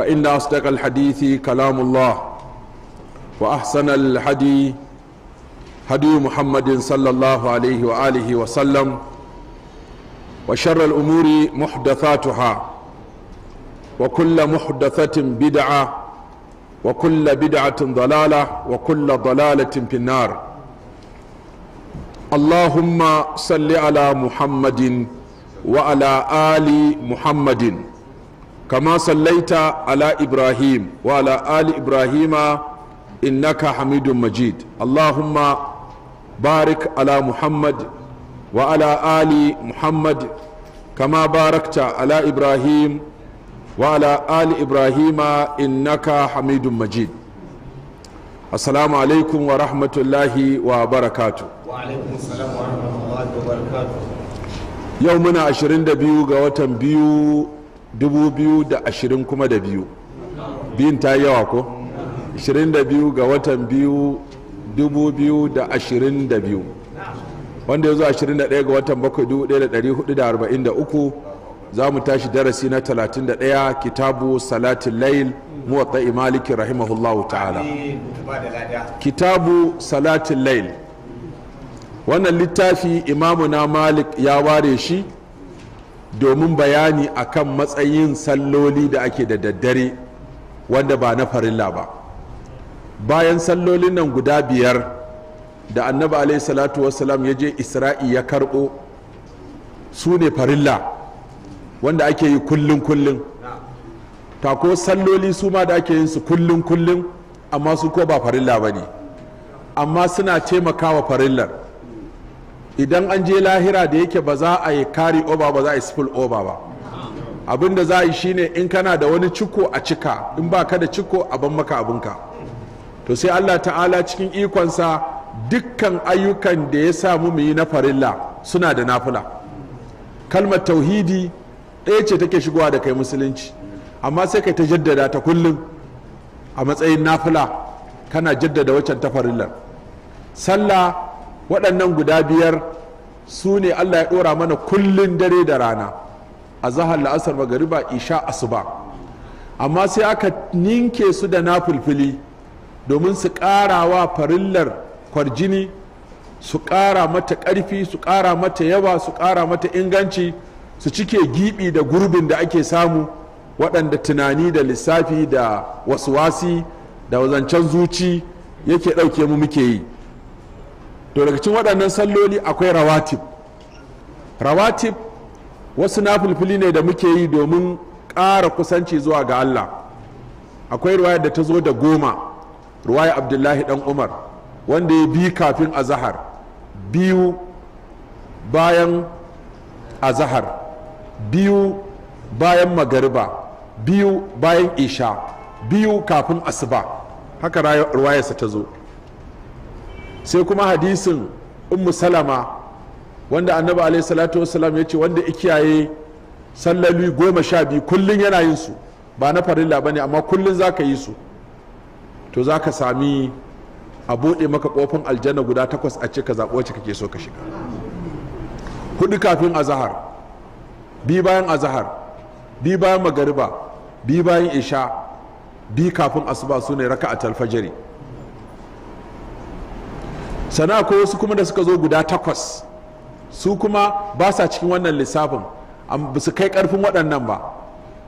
فإن أصدق الحديث كلام الله وأحسن الحدي هدي محمد صلى الله عليه وآله وسلم وشر الأمور محدثاتها وكل محدثة بدعة وكل بدعة ضلالة وكل ضلالة في النار اللهم صل على محمد وعلى آل محمد kama sallaita ala ibrahim wa ala ali ibrahima innaka hamidun majid allahumma barik ala muhammad wa ala ali muhammad kama barakta ala ibrahim wa ala ali ibrahima innaka hamidun majid assalamu alaikum wa rahmatullahi wa barakatu yau muna 22 ga watan biyu 2020 kuma da biyu biyun ta yawa ko 22 ga watan biyu 2022 wanda ya zo 21 ga watan 7443 za mu tashi darasi na 31 kitabu salatin lail muwatta imalikin rahimahullahu ta'ala kitabu salatin lail wannan littafi Imamu na malik ya ware shi domin bayani akan matsayin salloli da ake da daddare wanda ba na farilla ba bayan sallolin nan guda biyar da annabi alaihi salatu wasalam ya je isra'i ya karɓo su ne farilla wanda ake yi kullum kullum tako salloli su ma da ake yin su kullum kullum amma su ko ba farilla ba ne amma suna taimakawa farillar idan an je lahira da yake ba za a yi kari oba ba za a yi spill oba ba abin da za a yi shine in kana da wani ciko a cika in ba ka da ciko a ban maka abinka to sai allah ta'ala cikin ikonsa dukkan ayyukan da ya samu mu yi na farilla suna da nafula kalmar tauhidi ɗaya ce take shigowa da kai musulunci amma sai kai ta jaddada ta kullum a matsayin nafula kana jaddada waccan ta farillar sallah waɗannan guda biyar su ne allah ya ɗora mana kullun dare da rana a zahar la'asar magariba isha asuba amma sai aka ninke su da nafulfili domin su ƙara wa farillar kwarjini su ƙara mata ƙarfi su ƙara mata yawa su ƙara mata inganci su cike giɓi da gurbin da ake samu waɗanda tunani da lissafi da wasuwasi da wazancen zuci yake ɗauke mu muke yi to daga cikin waɗannan salloli akwai rawatib rawatib wasu na fulfili ne da muke yi domin ƙara kusanci zuwa ga Allah akwai ruwaya da ta zo da goma ruwaya abdullahi dan umar wanda ya bi kafin azahar biyu bayan azahar biyu bayan magariba biyu bayan isha biyu kafin asuba haka ruwayarsa ta zo sai kuma hadisin ummu salama wanda annabi alaihi salatu wasalam ya ce wanda ikiyaye sallali goma sha biyu kullum yana yin su ba na farilla ba ne amma kullum za ka yi su to za ka sami a buɗe maka ƙofin aljanna guda takwas a cika ka wacce kake so ka shiga hudu kafin azahar bi bayan azahar bi bayan magariba bi bayan isha bi kafin asuba su ne raka a talfajari sana akwai wasu kuma da suka zo guda takwas su kuma ba sa cikin wannan lissafin ba su kai karfin waɗannan ba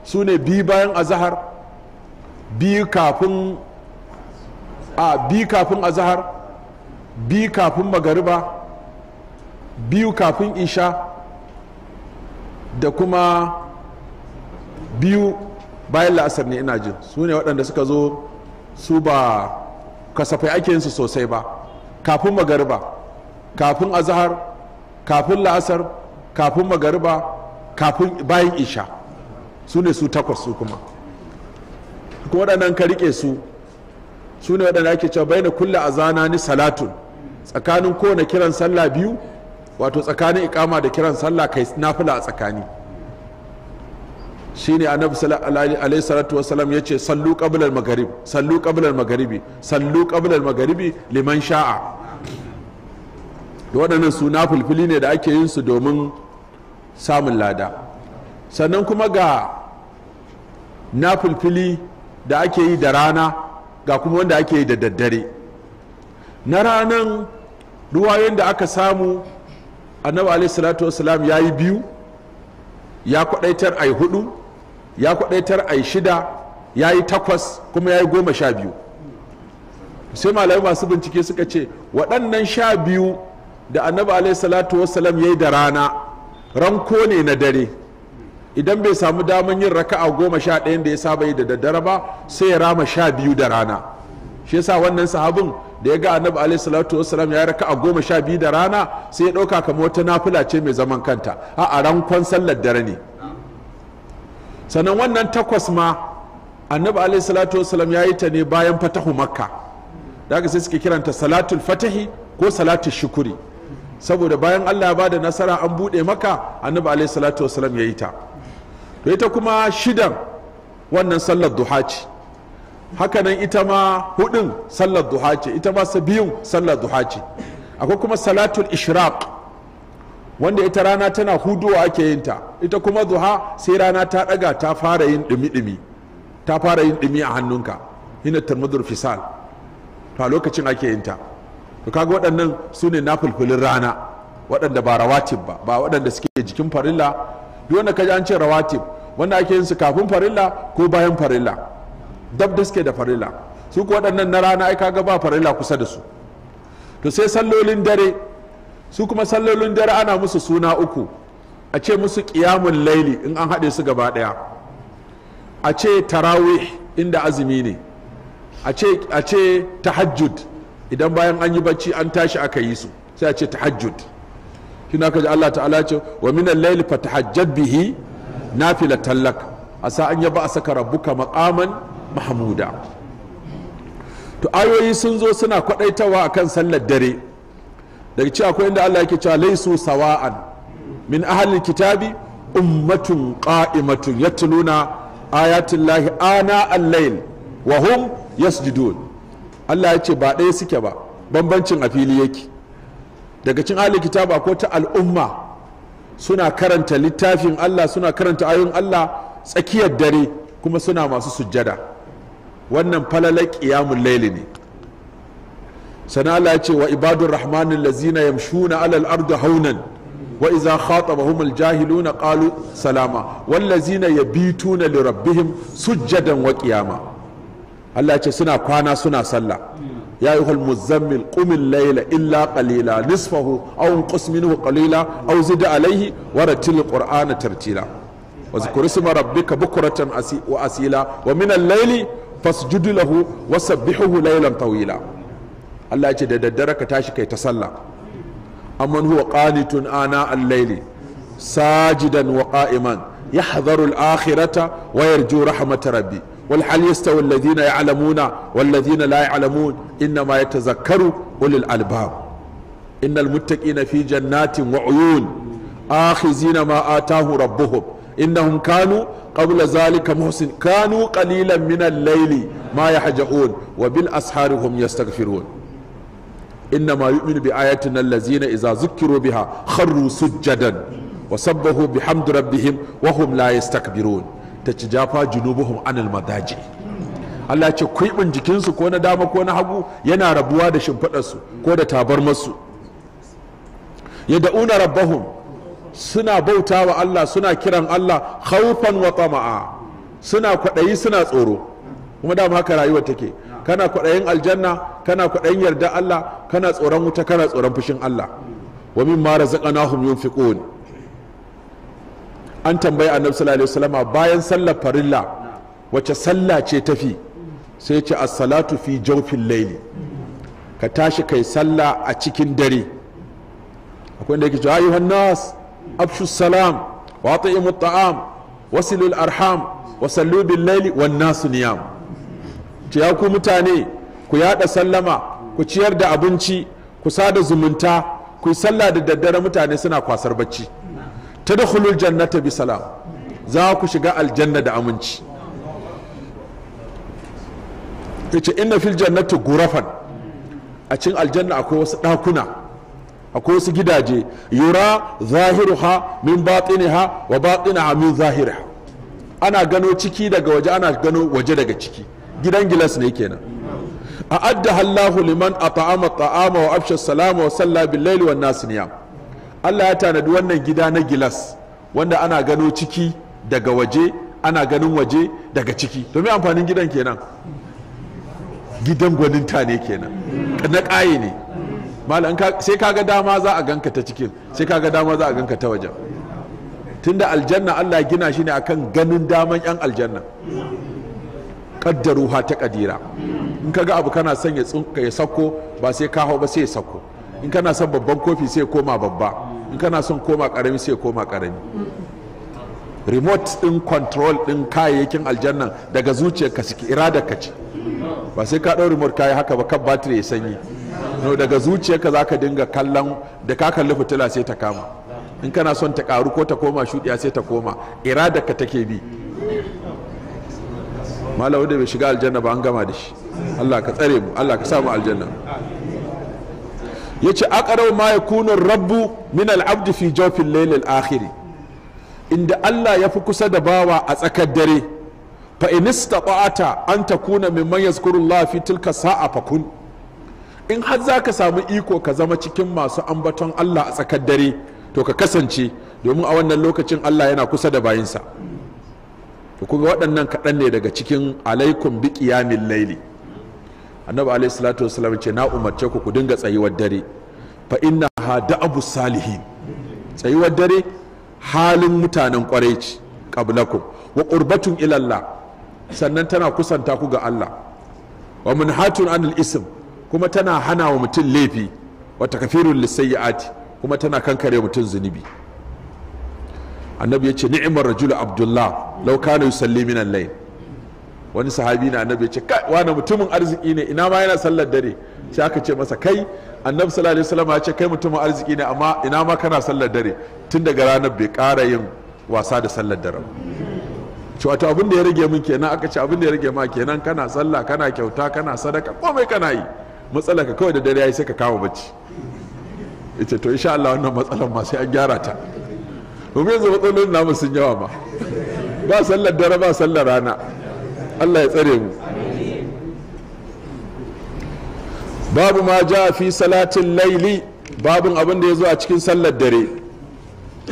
su ne biyu bayan azahar biyu kafin azahar biyu kafin magariba biyu kafin isha da kuma biyu bayan la'asar ne ina jin su ne waɗanda suka zo su ba kasafai ake yinsu sosai ba kafin magariba kafin azahar kafin la'asar kafin magariba kafin bayan isha su ne su takwas su kuma ko waɗannan ka riƙe su su ne waɗanda ake cewa baina kulla azana ni salatun tsakanin kowane kiran sallah biyu wato tsakanin ikama da kiran sallah kai nafila a tsakani shine annabi alaihi salatu wasallam yace sallu qabla al sallu qabla al sallu qabla al liman sha'a da waɗannan suna fulfili ne da ake yin su domin samun lada sannan kuma ga na fulfili da ake yi da rana ga kuma wanda ake yi da daddare na ranan ruwayoyin da aka samu annabi alaihi salatu wasallam ya yi biyu ya kwadaitar yi hudu ya kwadaitar a yi shida ya yi takwas kuma ya yi goma sha biyu sai malamai masu bincike suka ce waɗannan sha biyu da annabi alaihi salatu wasalam ya yi da rana ranko ne na dare idan bai samu daman yin raka a goma sha ɗayan da ya saba yi da daddare ba sai ya rama sha biyu da rana shi yasa wannan sahabin da ya ga annabi alaihi salatu wasalam ya yi raka a goma sha biyu da rana sai ya ɗauka kamar wata nafila ce mai zaman kanta a rankon sallar dare ne sannan wannan takwas ma annabi alaihi salatu wasalam ya yi ta ne bayan fatahu makka da aka sai suke kiranta salatul fatahi ko salatul shukuri saboda bayan allah ya bada nasara an bude maka annabi alaihi salatu wasalam ya yi ta to ita kuma shidan wannan sallar duha ce hakanan ita ma hudun sallar duha ce ita ma biyun sallar duha ce akwai kuma salatul ishraq wanda ita rana tana hudowa ake yin ta ita kuma zuha sai rana ta daga ta fara yin dumi-dumi ta fara yin dumi a hannunka hina tarmudur fisal to a lokacin ake yin ta to kaga waɗannan su ne na fulfulin rana waɗanda ba rawatib ba ba waɗanda suke jikin farilla duk wanda kaji an ce rawatib wanda ake yin su kafin farilla ko bayan farilla dab da suke da farilla su ko waɗannan na rana ai kaga ba farilla kusa da su to sai sallolin dare su kuma sallolin dare ana musu suna uku a ce musu ƙiyamun laili in an haɗe su gaba ɗaya a ce tarawih inda azumi ne a ce tahajjud idan bayan an yi bacci an tashi aka yi su sai a ce tahajjud shi na kaji Allah ta'ala ce wa minan laili fa tahajjad bihi nafila tallak a sa an yaba a saka rabbuka maqaman mahmuda to ayoyi sun zo suna kwadaitawa akan sallar dare daga ci akwai inda Allah yake cewa laisu sawa'an min ahlil kitabi ummatun qa'imatun yatluna ayatin lahi ana al-layl wa hum yasjudun Allah ya ce ba ɗaya suke ba bambancin a fili yake daga cin ahlil kitabi ko ta al'umma suna karanta littafin Allah suna karanta ayoyin Allah tsakiyar dare kuma suna masu sujjada wannan falalar qiyamul layli ne sana Allah wa ibadur rahmanin lazina yamshuna alal ardu haunan wa iza khatabahum aljahiluna qalu salama wal lazina yabituna li rabbihim sujjadan wa qiyama Allah ce suna kwana suna sallah ya ayyuhal muzammil qum al-layla illa qalila nisfahu aw inqus minhu qalila alayhi wa ratil qur'ana tartila wa zkur isma rabbika bukratan wa asira. wa minan al-layli fasjud lahu Lailan tawila Allah ya ce da daddare ka tashi kai ta sallah amman huwa qanitun ana al-layli sajidan wa qa'iman yahdharu al-akhirata wa yarju rahmat rabbi wal hal yastawi alladhina ya'lamuna wal ladhina la ya'lamun inma yatazakkaru ulul albab innal muttaqina fi jannatin wa uyun akhizina ma atahu rabbuhum إنهم كانوا قبل ذلك محسن كانوا قليلا من الليل ما يحجعون وبالأسحار هم يستغفرون inna ma yu'minu bi ayatina allazina idza zukkiru biha kharru sujjadan wa sabbahu bihamdi rabbihim wa hum la yastakbirun jafa junubuhum anil madaji Allah ce kuibin jikinsu ko na dama ko na hagu yana rabuwa da su ko da tabarmarsu yad'una rabbahum suna bauta wa Allah suna kiran Allah khawfan wa tama'a suna kwaɗayi suna tsoro kuma dama haka rayuwa take kana kwaɗayin aljanna kana kwaɗayin yarda Allah kana tsoron wuta kana tsoron fushin Allah wa mimma razaqnahum yunfiqun an tambayi annabi sallallahu alaihi wasallam bayan sallar farilla wace sallah ce tafi sai ce as-salatu fi jawfil layli ka tashi kai sallah a cikin dare akwai da yake cewa ayyuhan nas abshu salam wa atimu ta'am wasilul arham wa sallu bil layli wan nas niyam ce ya ku mutane ku yada sallama ku ciyar da abinci ku sada zumunta ku yi sallah da daddare mutane suna kwasar bacci ta da jannata bi salam za ku shiga aljanna da aminci yace inna fil jannata gurafan a cikin aljanna akwai wasu ɗakuna akwai wasu gidaje yura zahiru ha min ha wa ha min ha ana gano ciki daga waje ana gano waje daga ciki gidan gilas ne kenan a adda hallahu liman a ta'ama ta'ama wa afshar salama wa salla billahi wa nasiniya Allah ya tanadi wannan gida na gilas wanda ana gano ciki daga waje ana ganin waje daga ciki domin amfanin gidan kenan gidan ta ne kenan na ƙaye ne sai kaga dama za a ganka ta cikin sai kaga dama za a ganka ta wajen tunda aljanna Allah gina shi ne akan ganin daman yan aljanna kaddaruha ta kadira in ka ga abu kana son ya sako ba sai ka hau ba sai ya sako in kana son babban kofi sai koma babba in kana son koma karami sai koma karami remote din control din kayayyakin aljannan daga zuciyarka suke iradarka ce ba sai ka ɗau remote kayi haka ba kan batiri ya sanyi no daga zuciyarka za ka dinga kallon da ka kalli fitila sai ta kama in kana son ta karu ko ta koma shuɗiya sai ta koma iradarka take bi malamu da bai shiga aljanna ba an gama da shi Allah ka tsare mu Allah ka samu aljanna yace akarau ma yakunu rabbu min al'abdi abd fi jawfil layl al inda Allah ya fi kusa da bawa a tsakar dare fa in istata'ata an takuna mimman yazkurullah fi tilka sa'a fakun in har ka samu iko ka zama cikin masu ambaton Allah a tsakar dare to ka kasance domin a wannan lokacin Allah yana kusa da bayinsa to kuma waɗannan kaɗan ne daga cikin alaikum bi laili annabi alaihi salatu wasallam ce na umarce ku ku dinga tsayuwar dare fa inna ha abu salihin tsayuwar dare halin mutanen kwarai ce qablakum wa qurbatun ila sannan tana kusanta ku ga Allah wa munhatun anil ism kuma tana hana wa mutum laifi wa takfirul lisayyiati kuma tana kankare mutum zunubi annabi ya ce ni'imar rajulu abdullah lau kana yusalli min al-layl wani sahabi na annabi ya ce kai wani mutumin arziki ne ina ma yana sallar dare sai aka ce masa kai annabi sallallahu alaihi wasallam ya ce kai mutumin arziki ne amma ina ma kana sallar dare tun daga ranar bai ƙara yin wasa da sallar dare ce wato abin da ya rage min kenan aka ce abin da ya rage ma kenan kana sallah kana kyauta kana sadaka komai kana yi matsalar ka kawai da dare ya yi sai ka kama bacci ita to insha Allah wannan matsalar ma sai an gyara ta domin yanzu matsalolin namu sun yawa ba ba sallar dare ba sallar rana allah ya tsare mu babu ma ja fi salatin laili babun abin da ya zo a cikin sallar dare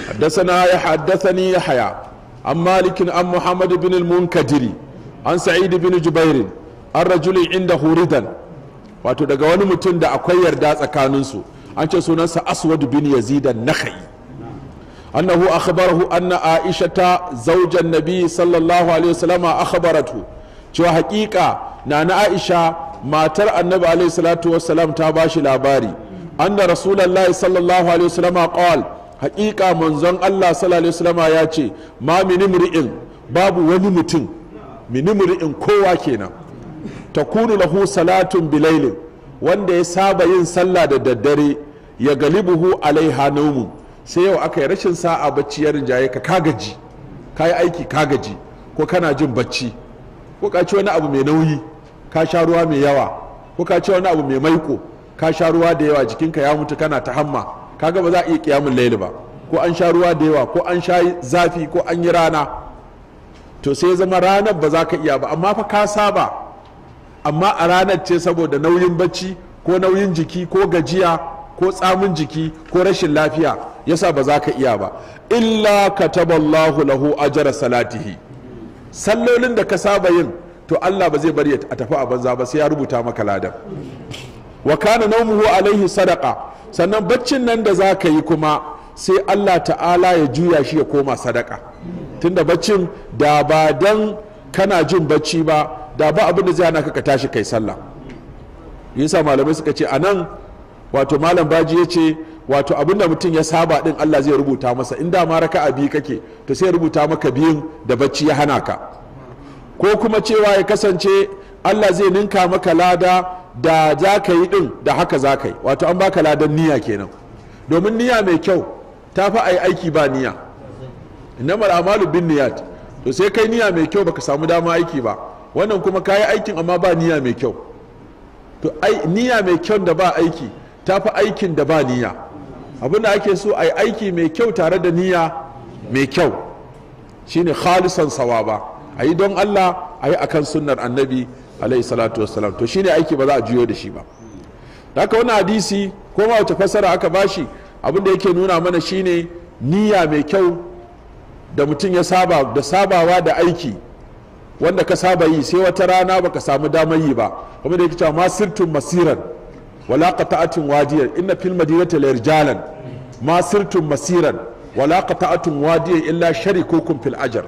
haddasana ya haddasani ya haya an malikin an muhammad bin munkadiri an sa'id bin jubairin an rajulin inda huridan wato daga wani mutum da akwai yarda tsakaninsu an ce sunansa aswad bin yazidan kai. أنه أخبره أن عائشة زوج النبي صلى الله عليه وسلم أخبرته cewa hakika na na aisha matar annabi alaihi salatu wassalam ta bashi labari anna rasulullahi sallallahu alaihi wasallam qal hakika manzon Allah sallallahu alaihi wasallam ya ce ma min imri'in babu wani mutum min imri'in kowa kenan takunu lahu salatun bilailin wanda ya saba yin sallah da daddare ya galibuhu alaiha mu. sai yau aka yi rashin sa'a bacci ya rinjaye ka kagaji ka yi aiki kagaji ko kana jin bacci ko ka ci wani abu mai nauyi ka sha ruwa mai yawa ko ka ci wani abu mai maiko ka sha ruwa da yawa jikinka ya mutu kana ta hamma kaga ba za a iya kiyamun laili ba ko an sha ruwa da yawa ko an sha zafi ko an yi rana to sai zama ranar ba za ka iya ba amma fa ka saba amma a ranar ce saboda nauyin bacci ko nauyin jiki ko gajiya ko tsamin jiki ko rashin lafiya yasa ba za ka iya ba illa ka taballahu lahu ajara salatihi sallolin da ka saba yin to Allah ba zai bari a tafi a banza ba sai ya rubuta maka ladan wa kana nawmuhu alaihi sadaqa sannan baccin nan da za ka yi kuma sai Allah ta'ala ya juya shi ya koma sadaka tunda baccin da ba dan kana jin bacci ba da ba abin da zai hana ka tashi kai sallah yasa malamai suka ce anan wato malam baji ya ce wato abin da mutum ya saba din Allah zai rubuta masa in dama a biyu kake to sai rubuta maka biyun da bacci ya hana ka ko kuma cewa ya kasance Allah zai ninka maka lada da za ka yi din da haka za ka yi wato an baka ladan niyya kenan domin niyya mai kyau ta fi a yi aiki ba niyya mara amalu bin niyat, to sai kai niyya mai kyau baka samu dama aiki ba wannan kuma kayi aikin amma ba niyya mai kyau to niyya mai kyau da ba aiki ta fi aikin da ba niyya abinda ake so a yi aiki mai kyau tare da niyya mai kyau shine khalisan sawaba a yi don allah a yi akan sunnar annabi alayhi salatu wassalam to shine aiki ba za a juyo da shi ba aka wani hadisi ko ma wata fasara aka bashi abinda yake nuna mana shine niyya mai kyau da mutum ya saba da sabawa da aiki wanda ka saba yi sai wata rana baka samu damar yi ba kuma da yake cewa masirtun masiran wala qata'atin wadiyar inna fil madinati la rijalan ma sirtum masiran wala qata'atin wadiyar illa sharikukum fil ajr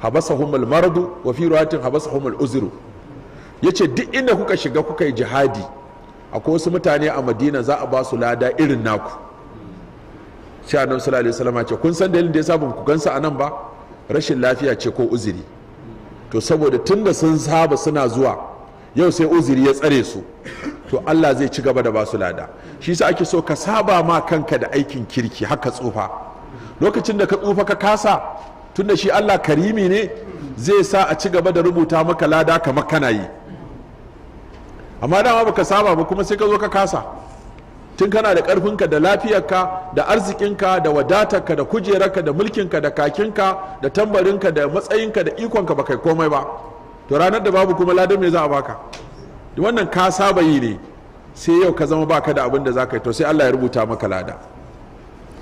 habasahum al marad wa fi riwayatin habasahum al uzr yace duk inda kuka shiga kuka yi jihadi akwai wasu mutane a madina za'a basu lada irin naku sai annabi sallallahu alaihi ce kun san dalilin da yasa ba ku gansa anan ba rashin lafiya ce ko uzuri to saboda tunda sun saba suna zuwa yau sai uzuri ya tsare su to Allah zai ci gaba da basu lada shi sa ake so ka saba ma kanka da aikin kirki haka tsufa lokacin da ka tsufa ka kasa tunda shi Allah karimi ne zai sa a ci gaba da rubuta maka lada kamar kana yi amma dama baka saba ba kuma sai ka zo ka kasa tun kana da karfinka da lafiyarka da arzikinka da wadatarka da kujerarka da mulkinka da kakinka da tambarinka da matsayinka da ikonka ba kai komai ba to ranar da babu kuma ladan me za a baka wannan ka saba yi ne sai yau ka zama baka da abin da za ka yi to sai Allah ya rubuta maka lada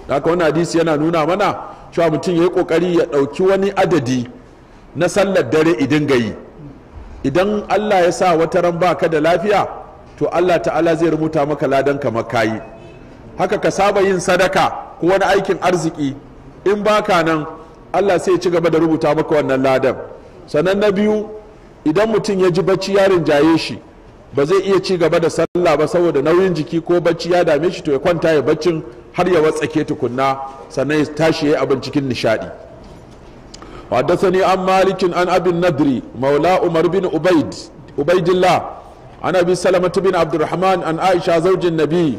haka wani hadisi yana nuna mana cewa mutum ya yi kokari ya ɗauki wani adadi na sallar dare idan gayi idan Allah ya sa wata ran baka da lafiya to Allah ta'ala zai rubuta maka ladan ka kayi haka ka saba yin sadaka ko wani aikin arziki in baka nan Allah sai ya ci gaba da rubuta maka wannan ladan sannan na biyu idan mutum ya ji bacci ya rinjaye shi ba zai iya ci gaba da sallah ba saboda nauyin jiki ko bacci ya dame shi to ya kwanta ya baccin har ya watsake tukunna sannan ya tashi ya abin cikin nishadi وحدثني عن مالك عن ابي النضر مولى عمر بن عبيد عبيد الله عن ابي سلمه بن عبد الرحمن عن عائشه زوج النبي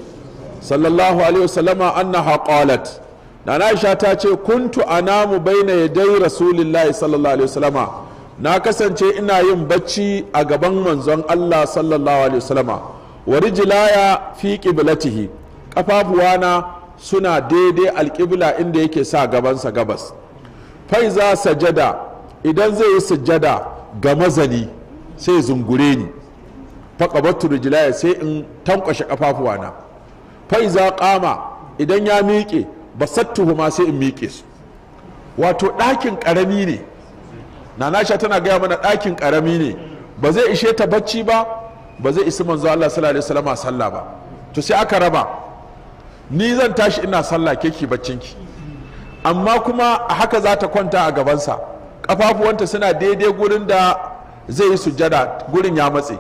صلى الله عليه وسلم انها قالت عن عائشه تاتي كنت انام بين يدي رسول الله صلى الله عليه وسلم na kasance ina yin bacci a gaban manzon Allah sallallahu alaihi wasallama wa rijlaya fi qiblatihi kafafuwana suna daidai alƙibla inda yake sa gabansa gabas Fai faiza sajada idan zai yi sujada ga mazani sai zungure ni faƙabattu rijlaya sai in tankwashe Fai za kama idan ya miƙe basattuhu ma sai in miƙe su wato ɗakin ƙarami ne nanasha tana gaya mana ɗakin ƙarami ne ba zai ishe ta bacci ba ba zai isi manzo Allah sallallahu alaihi sallah ba to sai aka raba ni zan tashi ina sallah ke ki ki amma kuma a haka za ta kwanta a gabansa kafafuwanta suna daidai gurin da zai yi sujada gurin ya matse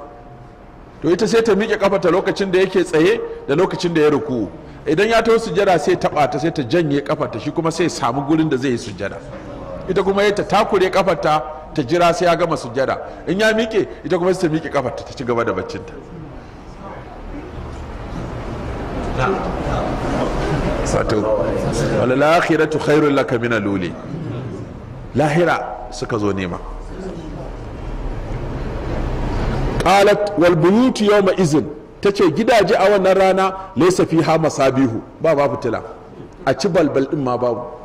to ita sai ta miƙe kafata lokacin da yake tsaye da lokacin da ya ruku idan ya taho sujada sai ta ɓata sai ta janye kafata shi kuma sai samu gurin da zai yi sujada. ita kuma ya ta takure kafarta ta jira sai ya gama sujada in ya miƙe ita kuma ta miƙe kafarta ta ci gaba da baccinta sato wala lahiratu khairul laka min aluli lahira suka zo nema qalat wal buyut yawma izin tace gidaje a wannan rana laysa fiha masabihu ba ba fitila a ci balbal din ma babu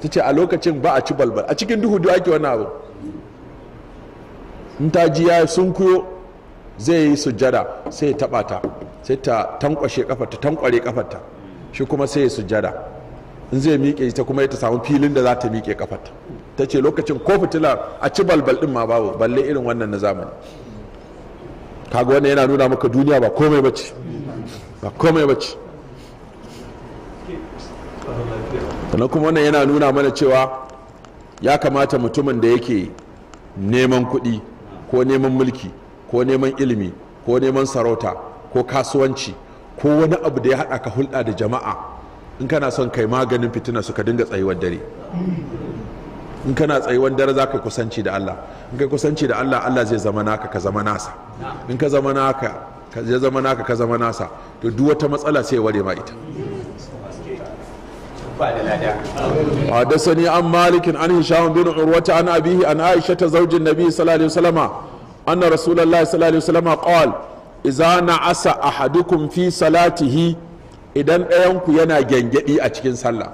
ta ce a lokacin ba a ci balbal a cikin duhu duk ake wani abu in ta ji ya sun kuyo zai yi sujjada sai ta bata sai ta tankwashe kafarta tankware kafarta shi kuma sai ya sujjada in zai miƙe ta kuma ta samu filin da za ta miƙe kafarta ta ce lokacin ko fitila a ci balbal din ma babu balle irin wannan na zamani kaga wannan yana nuna maka duniya ba komai bace ba komai bace sannan kuma wannan yana nuna mana cewa ya kamata mutumin da yake neman kuɗi ko neman mulki ko neman ilimi ko neman sarauta ko kasuwanci ko wani abu da ya haɗa ka hulɗa da jama'a in kana son kai maganin fitina suka dinga tsayuwar dare in kana tsayuwar dare za ka kusanci da Allah in kai kusanci da Allah Allah zai zama naka ka zama nasa in ka zama naka ka zama naka ka zama nasa to duk wata matsala sai ware ma ita حدثني عن مالك عن هشام بن عروة عن أبيه عن عائشة زوج النبي صلى الله عليه وسلم أن رسول الله صلى الله عليه وسلم قال إذا نعس أحدكم في صلاته إذا أيونك ينا جنجئي أتكين صلى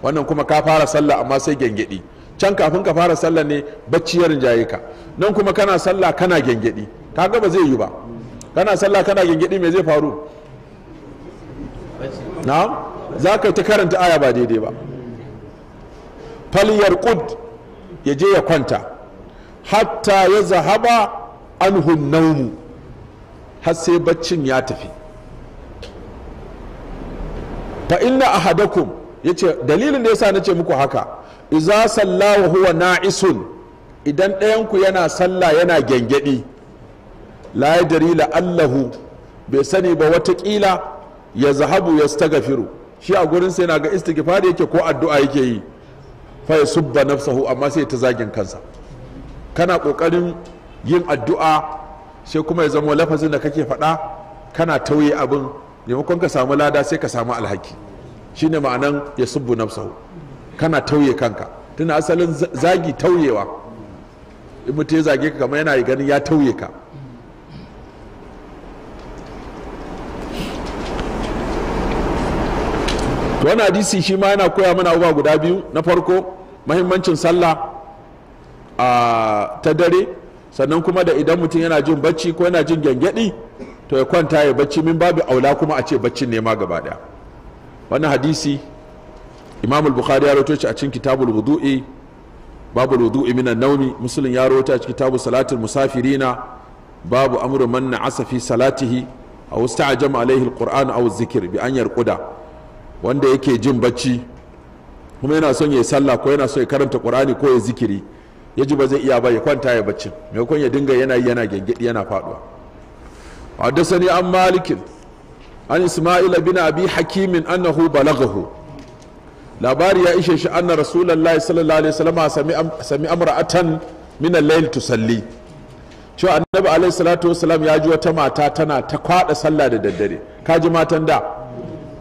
wannan kuma ka fara sallah amma sai gengedi can kafin ka fara sallah ne bacci ya rinjaye ka nan kuma kana sallah kana gengedi ka ga ba zai yi ba kana sallah kana gengedi me zai faru na'am za ka yi ta karanta aya ba daidai ba faliyar kud ya je ya kwanta hatta ya zahaba an naumu har sai baccin ya tafi fa inna ahadakum ce dalilin da yasa nace muku haka iza salla wa huwa na'isun idan ɗayanku yana sallah yana gyangyaɗi. la yadri allahu bai sani ba watakila ya zahabu ya stagafiru shi a gurin sai na ga istighfar yake ko addu'a yake yi fa ya subba nafsahu amma sai ta zagin kansa kana kokarin yin addu'a sai kuma ya zama lafazin da kake faɗa kana tauye abin maimakon ka samu lada sai ka samu alhaki shine ma'anan ya subbu nafsahu kana tauye kanka tunda asalin zagi tauyewa in mutum ya zage ka kamar yana ganin ya tauye ka to wani hadisi shi ma yana koya mana abubuwa guda biyu na farko mahimmancin sallah ta dare sannan kuma da idan mutum yana jin bacci ko yana jin gyangyaɗi to ya kwanta ya bacci min babu aula kuma a ce baccin ne ma gaba daya wani hadisi imam bukhari ya rawaito shi a cikin kitabul wudu'i babu wudu'i minan naumi muslim ya rawaito a cikin kitabu salatul musafirina babu amru man na'asa fi salatihi aw sta'jama alayhi alquran aw zikr bi an yarquda wanda yake jin bacci kuma yana son ya yi sallah ko yana son ya karanta qur'ani ko ya zikiri ya ji ba zai iya ba ya kwanta ya bacci maimakon ya dinga yana yi yana gengedi yana faduwa haddasani an malikin an isma'ila bin abi hakimin annahu balagahu labari ya ishe shi anna rasulullahi sallallahu alaihi wasallam sami amra'atan min al-layl tusalli cewa annabi alaihi salatu wasallam ya ji wata mata tana ta kwada sallah da daddare ji matan da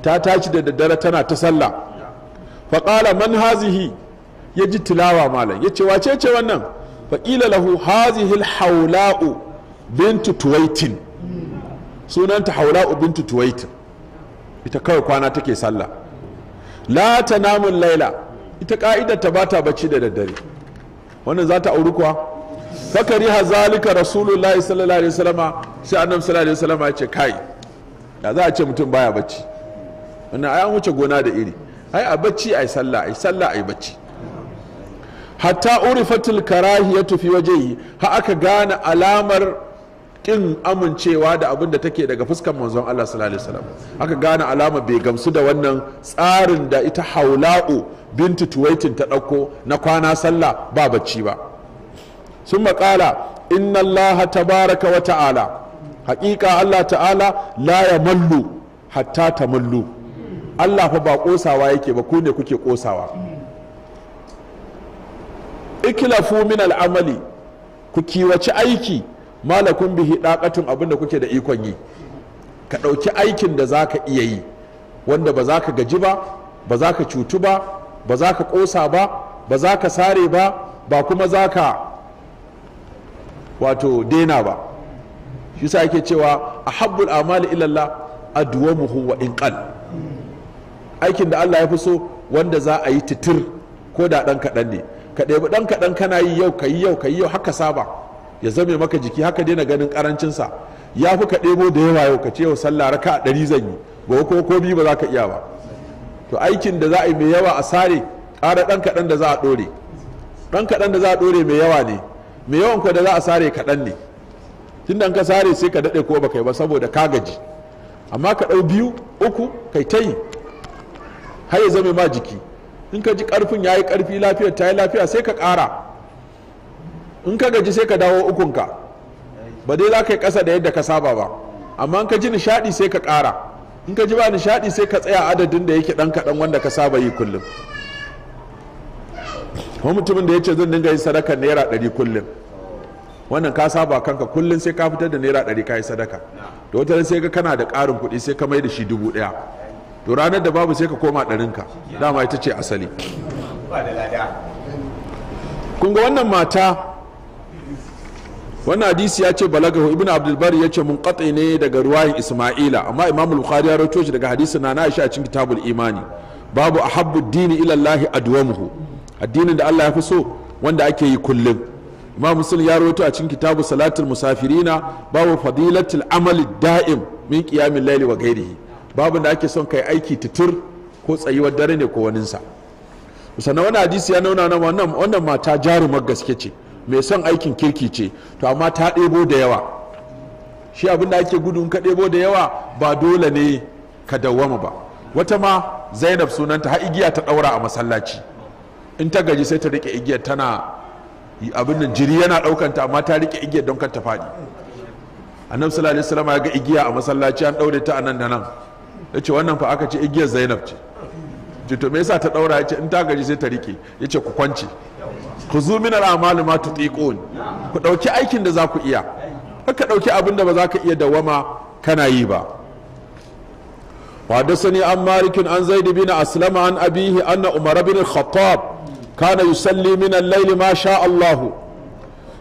ta tashi da daddare tana ta sallah faƙala man hazihi ya ji tilawa malam ya ce wace ce wannan faƙila lahu hazihi haula'u bintu tuwaitin sunanta haula'u bintu tuwaitin ita kawai kwana take sallah la ta namun laila ita ka'ida ta bata bacci da daddare wannan za ta auri kuwa fakari hazalika rasulullahi sallallahu alaihi wasallama sai annabi sallallahu alaihi wasallama ya ce kai da za a ce mutum baya bacci wannan ai an wuce gona da iri ai a bacci ai sallah ai sallah ai bacci hatta urifatul karahiyatu fi yi ha aka gane alamar kin amincewa da abin da take daga fuskan manzon Allah sallallahu alaihi wasallam aka gane alama bai gamsu da wannan tsarin da ita haula'u bintu tuwaitin ta dauko na kwana sallah ba bacci ba sun makala inna allaha tabaraka wa ta'ala haƙiƙa allah ta'ala la yamallu mallu hatta ta mallu Allah fa ba kosawa yake ba ku ne kuke kosawa ikilafu min al'amali ku kiwaci aiki malakun bihi daqatun abinda kuke da ikon yi ka ɗauki aikin da za ka iya yi wanda ba za ka gaji ba ba za ka cutu ba ba za ka ƙosa ba ba za ka sare ba ba kuma za ka wato dena ba shi sa ake cewa a habbul amali ilallah aduwamuhu wa inqal aikin da Allah ya fi so wanda za a yi titir ko da ɗan kaɗan ne ka ɗebi ɗan kaɗan kana yi yau ka yi yau ka yi yau haka saba ya zame maka jiki haka daina ganin ƙarancinsa ya fi ka ɗebo da yawa yau ka ce yau sallah raka a ɗari zan yi gobe ko ko biyu ba za ka iya ba to aikin da za a yi mai yawa a sare ƙara ɗan kaɗan da za a ɗore ɗan kaɗan da za a ɗore mai yawa ne mai yawan ko da za a sare kaɗan ne tunda ka sare sai ka daɗe ko baka yi ba saboda ka gaji amma ka ɗau biyu uku kai ta yi har ya zame ma jiki in ka ji karfin ya yi karfi lafiyar ta yi lafiya sai ka ƙara in ka gaji sai ka dawo ukunka ba dai za ka yi ƙasa da yadda ka saba ba amma in ka ji nishaɗi sai ka ƙara in ka ji ba nishaɗi sai ka tsaya adadin da yake ɗan kaɗan wanda ka saba yi kullum kuma mutumin da ya ce zan dinga yin sadaka naira ɗari kullum wannan ka saba kanka kullum sai ka fitar da naira ɗari ka yi sadaka da wata sai ka kana da ƙarin kuɗi sai ka mai da shi dubu ɗaya to ranar da babu sai ka koma ɗarinka dama ita ce asali Kunga wannan mata wannan hadisi ya ce balaga ibn Abdulbari ya ce katse ne daga ruwayin isma'ila amma imam bukhari ya rawaito shi daga hadisi na aisha a cikin kitabul imani babu ahabbu dini ila allah adwamuhu addinin da allah ya fi so wanda ake yi kullum imam muslim ya rawaito a cikin kitabu salatul musafirina babu fadilatul amali da'im min kiyamin layli wa ghairihi babu da ake son kai aiki titir ko tsayuwar dare ne ko waninsa sannan wani hadisi ya nuna wannan wannan mata jarumar gaske ce mai son aikin kirki ce to amma ta ɗebo da yawa shi abin da ake gudu ka ɗebo da yawa ba dole ne ka dawwama ba wata ma zainab sunanta har igiya ta ɗaura a masallaci in ta gaji sai ta rike igiyar tana abin nan jiri yana ɗaukanta amma ta rike igiyar don kan ta faɗi annabi sallallahu alaihi wasallam ya ga igiya a masallaci an ɗaure ta a nan da nan ya ce wannan fa aka ce igiyar zainab ce ce to me yasa ta ɗaura? ya ce in ta gaji sai ta rike ya ce ku kwance ku zu a al'amali ma tutiqun ku ɗauki aikin da za ku iya ka ɗauki abin da ba za ka iya wama kana yi ba وحدثني عن an عن زيد بن أسلم عن أبيه أن عمر بن الخطاب كان يصلي من الليل ما شاء الله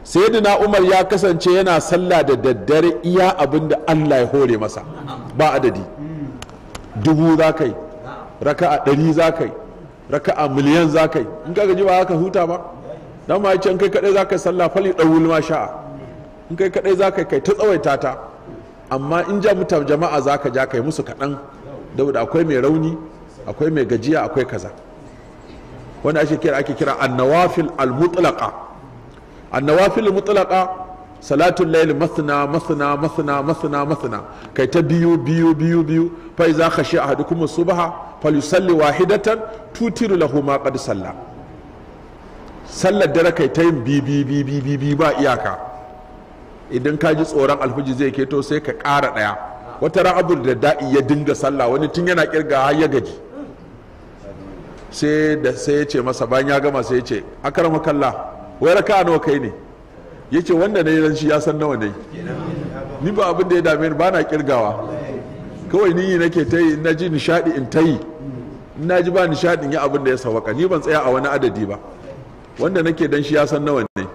سيدنا Umar ya kasance yana sallah da daddare iya abin da Allah ya hore masa ba adadi dubu za ka yi raka'a ɗari za ka yi raka'a miliyan za ka yi in ka gaji ba za ka huta ba dan ma ce in kai kaɗai za ka yi fali ɗawul ma sha'a in kai kaɗai za ka kai ta tsawaita ta amma in ja mu jama'a za ka ja kai musu kaɗan da akwai mai rauni akwai mai gajiya akwai kaza wanda ake kira ake kira annawafil al-mutlaqa annawafil al-mutlaqa salatul layl masna masna masna masna masna kai ta biyu biyu biyu biyu fa iza khashi ahadukum subha falyusalli wahidatan tutiru lahu ma qad salla sallar dare kai ta yin bi bi bi bi bi ba iyaka idan ka ji tsoron alhuji zai keto sai ka kara ɗaya wata abu da da'i ya dinga sallah wani tun yana kirga har ya gaji sai da sai ya ce masa bayan ya gama sai ya ce akar makalla wai raka nawa kai ne ya ce wanda na yi ranci ya san nawa ne ni ba abin da ya dame ni ba na kirgawa kawai ni na nake ta yi na ji nishadi in ta yi na ji ba nishaɗin ya abin da ya sawaka ni ban tsaya a wani adadi ba wanda nake dan shi ya san nawa ne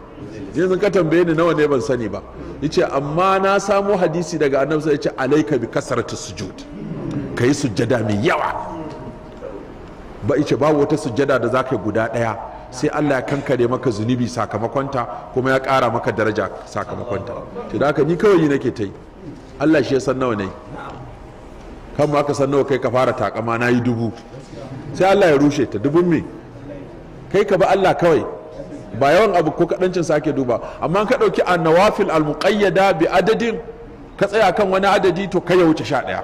yanzu ka tambaye ni nawa ne ban sani ba yace amma na samo hadisi daga annabi yace alayka bi kasratu sujud kai sujada mai yawa ba yace babu wata sujada da zaka yi guda daya sai Allah ya kankare maka zunubi sakamakonta kuma ya ƙara maka daraja sakamakonta to da haka ni kawai yi nake ta yi Allah shi ya san nawa ne kan ma ka san nawa kai ka fara takama na yi dubu sai Allah ya rushe ta dubun me kai ka ba Allah kawai ba yawan abu ko kadancin sake duba amma ka dauki annawafil almuqayyada bi adadin ka tsaya kan wani adadi to ka ya wuce sha daya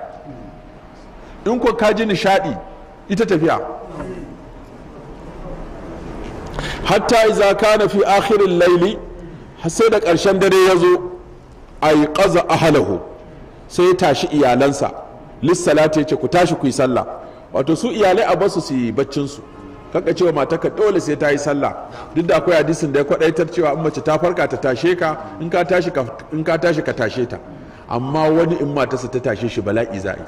in ko ka ji nishadi ita tafiya hatta iza kana fi akhirin laili sai da karshen dare ya zo a yi ƙaza ahalahu sai ya tashi iyalansa lissalata ce ku tashi ku yi sallah wato su iyalai a basu su yi baccinsu kaka cewa matarka dole sai ta yi sallah duk da akwai hadisin da ya kwadaitar cewa in mace ta farka ta tashe ka in ka tashi ka tashe ta amma wani in mata su ta tashe shi bala'i za'i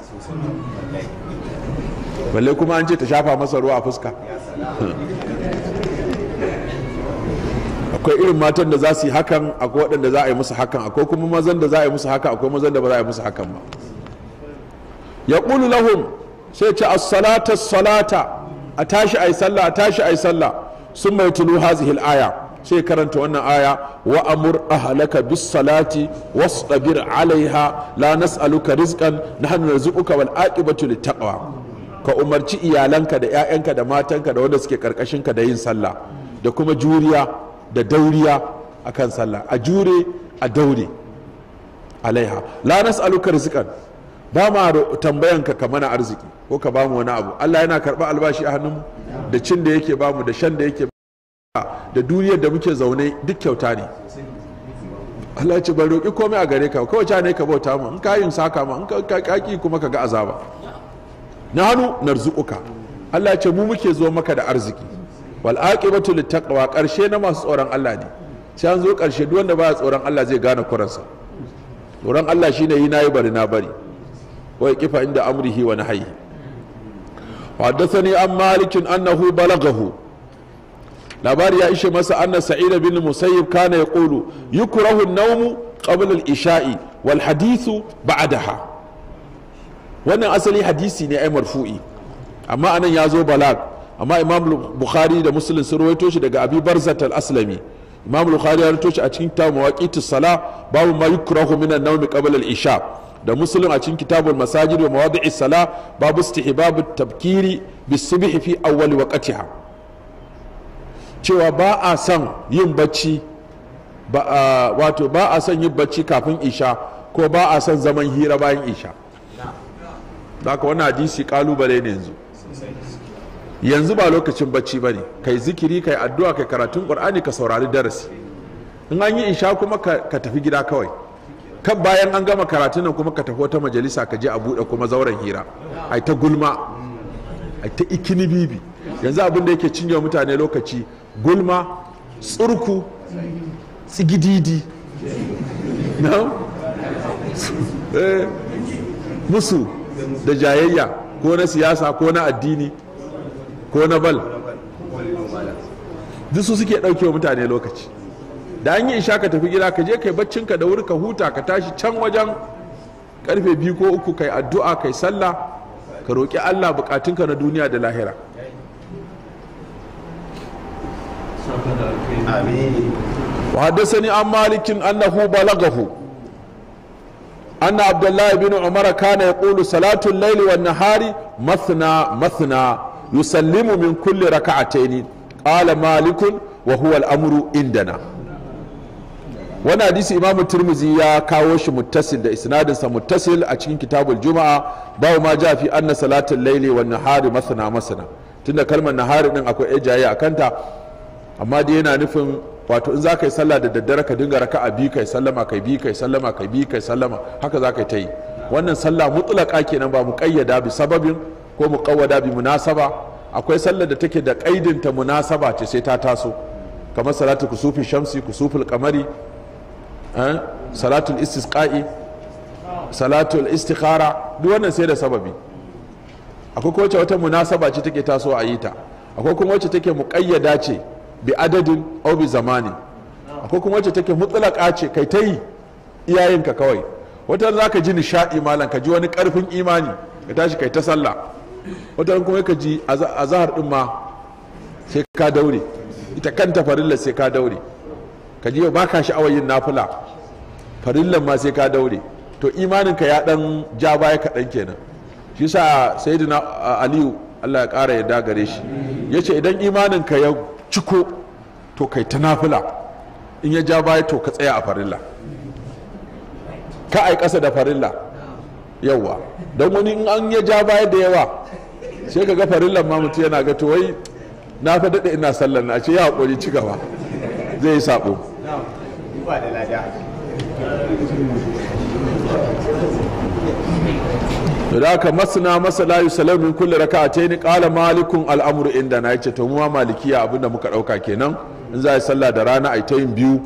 balle kuma an ce ta shafa masa ruwa a fuska akwai irin matan da za su yi hakan akwai waɗanda za a yi musu hakan akwai kuma mazan da za a yi musu hakan akwai mazan da ba za a yi musu hakan ba ya ƙulu lahum sai ce as-salata salata a tashi a yi sallah a tashi a yi sallah sun mai tulu hazihil aya sai karanta wannan aya wa amur ahlaka bis salati wastabir alaiha la nas'aluka rizqan nahnu narzuquka wal aqibatu lit taqwa ka umarci iyalanka da 'ya'yanka da matanka da wanda suke karkashinka da yin sallah da kuma juriya da dauriya akan sallah a jure a daure alaiha la nas'aluka rizqan ba ma tambayanka ka mana arziki ko ka bamu wani abu Allah yana karba albashi a hannunmu da cin da yake bamu da shan da yake da duniyar da muke zaune duk kyauta ne Allah ce ban roƙi komai a gare ka kawai ne ka bauta mu in ka yin saka mu in ka kaki kuma ka ga azaba na hannu narzuƙuka Allah ce mu muke zo maka da arziki wal aqibatu littaqwa karshe na masu tsoron Allah ne sai an zo karshe duk wanda ba tsoron Allah zai gane kuransa tsoron Allah shine yi nayi bari na bari wa kifa inda amrihi wa nahyi حدثني عن مالك أنه بلغه labari ya ishe masa anna sa'id bin musayyib kana yaqulu yukrahu an naumu qabla al-isha'i wal hadithu ba'daha wannan asali hadisi ne ai marfu'i amma anan ya zo balag amma imam bukhari da muslim sun rawaito shi daga abi barzat al-aslami imam bukhari ya rawaito shi a cikin kitabun mawaqitus sala babu ma yukrahu minan nawmi qabla al-isha da muslim a cikin kitabul masajid wa mawadi'is sala babu istihbabu tabkiri bisubhi fi awwal waqtiha cewa ba a son yin bacci wato ba a son yin bacci kafin isha ko ba a son zaman hira bayan isha da haka wannan hadisi kalubale ne yanzu yanzu ba lokacin bacci ba ne kai zikiri kai addu'a kai karatun ƙur'ani ka saurari darasi in an yi isha kuma ka tafi gida kawai kan bayan an gama karatun nan kuma ka tafi wata majalisa ka je a buɗe kuma zauren hira ai ta gulma ai ta ikini bibi yanzu abin da yake cinye mutane lokaci gulma tsurku tsigididi eh, musu da jayayya ko na siyasa ko na addini ko na bal duk su suke ɗauke wa mutane lokaci da an yi isha ka tafi gida ka je kai ka da wuri ka huta ka tashi can wajen karfe biyu ko uku kai addu'a kai sallah ka roƙi allah ka na duniya da lahira وحدثني عن مالك أنه بلغه أن bin الله بن ya كان يقول laili الليل والنهار مثنى مثنى yusallimu min kulli raka'ataini qala malikun wa huwa al-amru indana wani hadisi imam turmuzi ya kawo shi muttasil da isnadinsa muttasil a cikin kitabul juma'a bawo ma ja fi anna salatul laili wan nahari masana masana tunda kalmar nahari din akwai ejaye a kanta amma dai yana nufin wato in za ka yi sallah da daddare ka dinga raka'a bi kai sallama kai bi kai sallama kai bi kai sallama haka za ka yi ta yi wannan sallah mutlaka kenan ba mu kayyada bi sababin ko mu muqawwada bi munasaba akwai sallar da take da kaidinta munasaba ce sai ta taso kamar salatu kusufi shamsi kusuful kamari eh, salatul istisqa'i salatul istikhara duk wannan sai da sababi akwai kuma wata munasaba ce take taso a yi ta akwai kuma wacce take muƙayyada ce bi adadin au bi zamanin akwai kuma wacce take mutlaka ce kai ta yi iyayenka kawai wata za ka ji nishaɗi malam ka ji wani ƙarfin imani ka tashi kai ta sallah wata kuma ka ji a zahar din ma sai ka daure ita kanta farilla sai ka daure ka ji yau baka sha'awar yin nafila farillan ma sai ka daure to imaninka ya dan ja baya kaɗan kenan shi sa sayyidina aliyu allah ya ƙara ya gare shi ya ce idan imaninka ya ciko to kai ta nafila in ya ja baya to ka tsaya a farilla ka ai ƙasa da farilla yawa don wani in an ya ja baya da yawa sai ka ga farillan ma mutum yana ga wai na fi daɗe ina sallar na ce ya haƙuri ci gaba zai yi saɓo da haka masana masa layu salamin kulle raka a taini ƙala malikun al'amuru inda na yace to muwa malikiya da muka ɗauka kenan in za a yi sallah da rana a yi ta yin biyu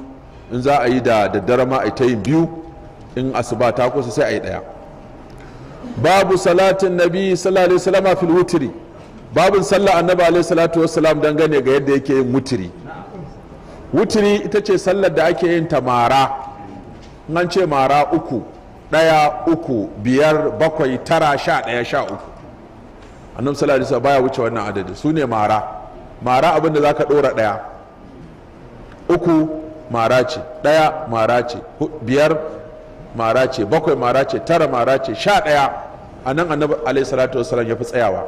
in za a yi da daddare ma a yi ta yin biyu in asuba ta kusa sai a yi ɗaya babu salatin nabi sallallahu alaihi wasallam fil wutri babin sallah annabi alaihi salatu wassalam dangane ga yadda yake yin wutri wutri ita ce sallar da ake yin ta mara an ce mara uku daya uku biyar bakwai tara sha daya sha uku annabi sallallahu alaihi wasallam baya wuce wannan adadi su ne mara mara abin da zaka ɗora daya uku mara ce daya mara ce biyar mara ce bakwai mara ce tara mara ce sha ɗaya a nan annabi alaihi salatu wasalam ya fi tsayawa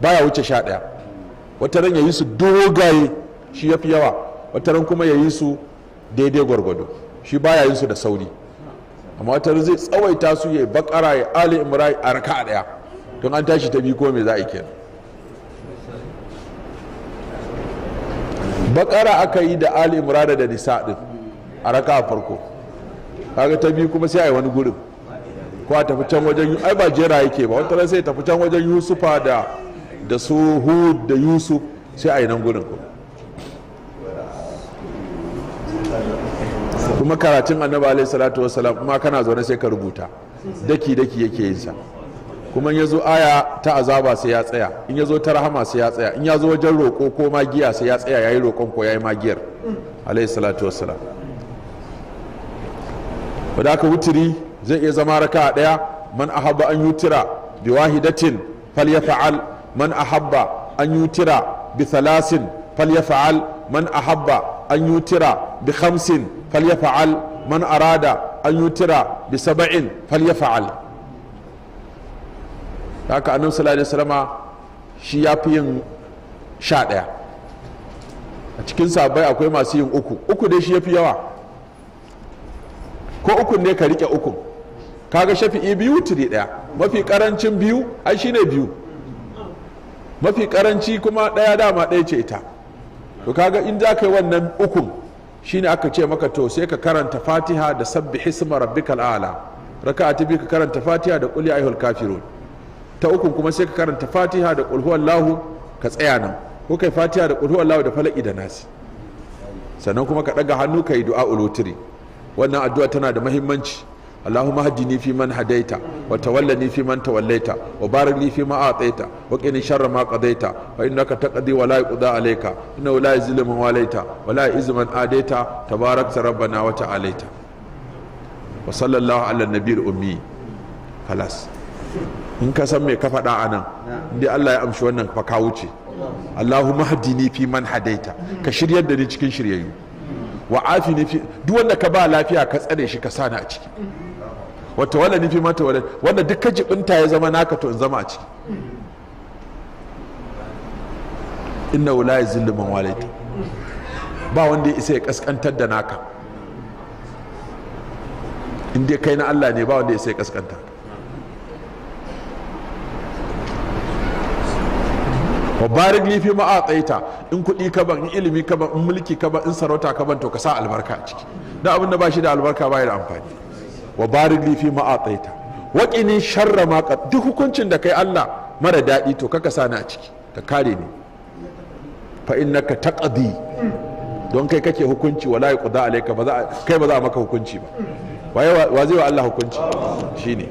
baya wuce sha ɗaya wata ran ya yi su dogaye shi ya fi yawa wata ran kuma ya yi su daidai gwargwado shi baya yin su da sauri amma wata ran zai tsawaita su ya bakara ya ali imra a raka ɗaya don an tashi ta biyu ko me za a yi kenan bakara aka yi da ali imra da nisa din a raka farko kaga ta biyu kuma sai a yi wani gurin ko a tafi can wajen ai ba jera yake ba wata sai tafi can wajen yusufa da da su hud da yusuf sai a yi nan gurin kuma kuma karatun annabi alaihi salatu wasalam kuma kana zaune sai ka rubuta daki daki yake yin sa kuma ya zo aya ta azaba sai ya tsaya in ya zo ta rahama sai ya tsaya in ya zo wajen roƙo ko magiya sai ya tsaya ya yi roƙon ko ya yi magiyar alaihi salatu wasalam wadda aka wutiri zai iya zama raka daya man ahabba an yutira bi wahidatin falyafa'al man ahabba an yutira bi thalasin falyafa'al man ahabba an yutira bi khamsin falyafa'al man arada an yutira bi saba'in fal ya falyafa'al haka annabi sallallahu alaihi wasallama shi ya fi yin sha daya a cikin sabai akwai masu yin uku uku dai shi ya fi yawa ko ukun ne ka rike ukun kaga shafi'i biyu tiri daya mafi karancin biyu ai shine biyu mafi karanci kuma daya dama daya ce ita to kaga in za ka yi wannan ukun shine aka ce maka to sai ka karanta fatiha da sabbi hisma rabbikal a'la raka'a ta biyu ka karanta fatiha da qul ya ayyuhal kafirun ta ukun kuma sai ka karanta fatiha da qul huwallahu ka tsaya nan ko kai fatiha da qul huwallahu da falaki da nasi sannan kuma ka daga hannu ka du'a ulutri wannan addu'a tana da mahimmanci اللهم هدني في من هديت وتولني في من توليت وبارك لي فيما أعطيت وقني شر ما قضيت فإنك تقضي ولا يقضى عليك إنه لا يزل من واليت ولا يئز من آديت تبارك ربنا وتعاليت وصلى الله على النبي الأمي خلاص in ka san me ka faɗa a nan inda Allah ya amshi wannan fa ka wuce Allahumma hadini fi man hadaita ka shiryar da ni cikin shiryayyu wa afini fi duk wanda ka ba lafiya ka tsare shi ka sani a ciki wata ne nufi mata wala wanda duk ka jibinta ya zama naka to in zama a ciki inna wula ya zillu man walaita ba wanda ya isa ya kaskantar da naka in dai kai na Allah ne ba wanda ya isa ya kaskantar. wa barik li fi ma'ataita in kuɗi ka ban in ilimi ka ban in mulki ka ban in sarauta ka ban to ka sa albarka a ciki da abin da bashi da albarka ba da amfani wa barik li fi ma'ataita wa qini sharra ma qad duk hukuncin da kai Allah mara daɗi to ka sa ni a ciki ka kare ni fa innaka taqdi don kai kake hukunci wala yuqda alayka ba za kai ba za a maka hukunci ba waye wa zai wa Allah hukunci shine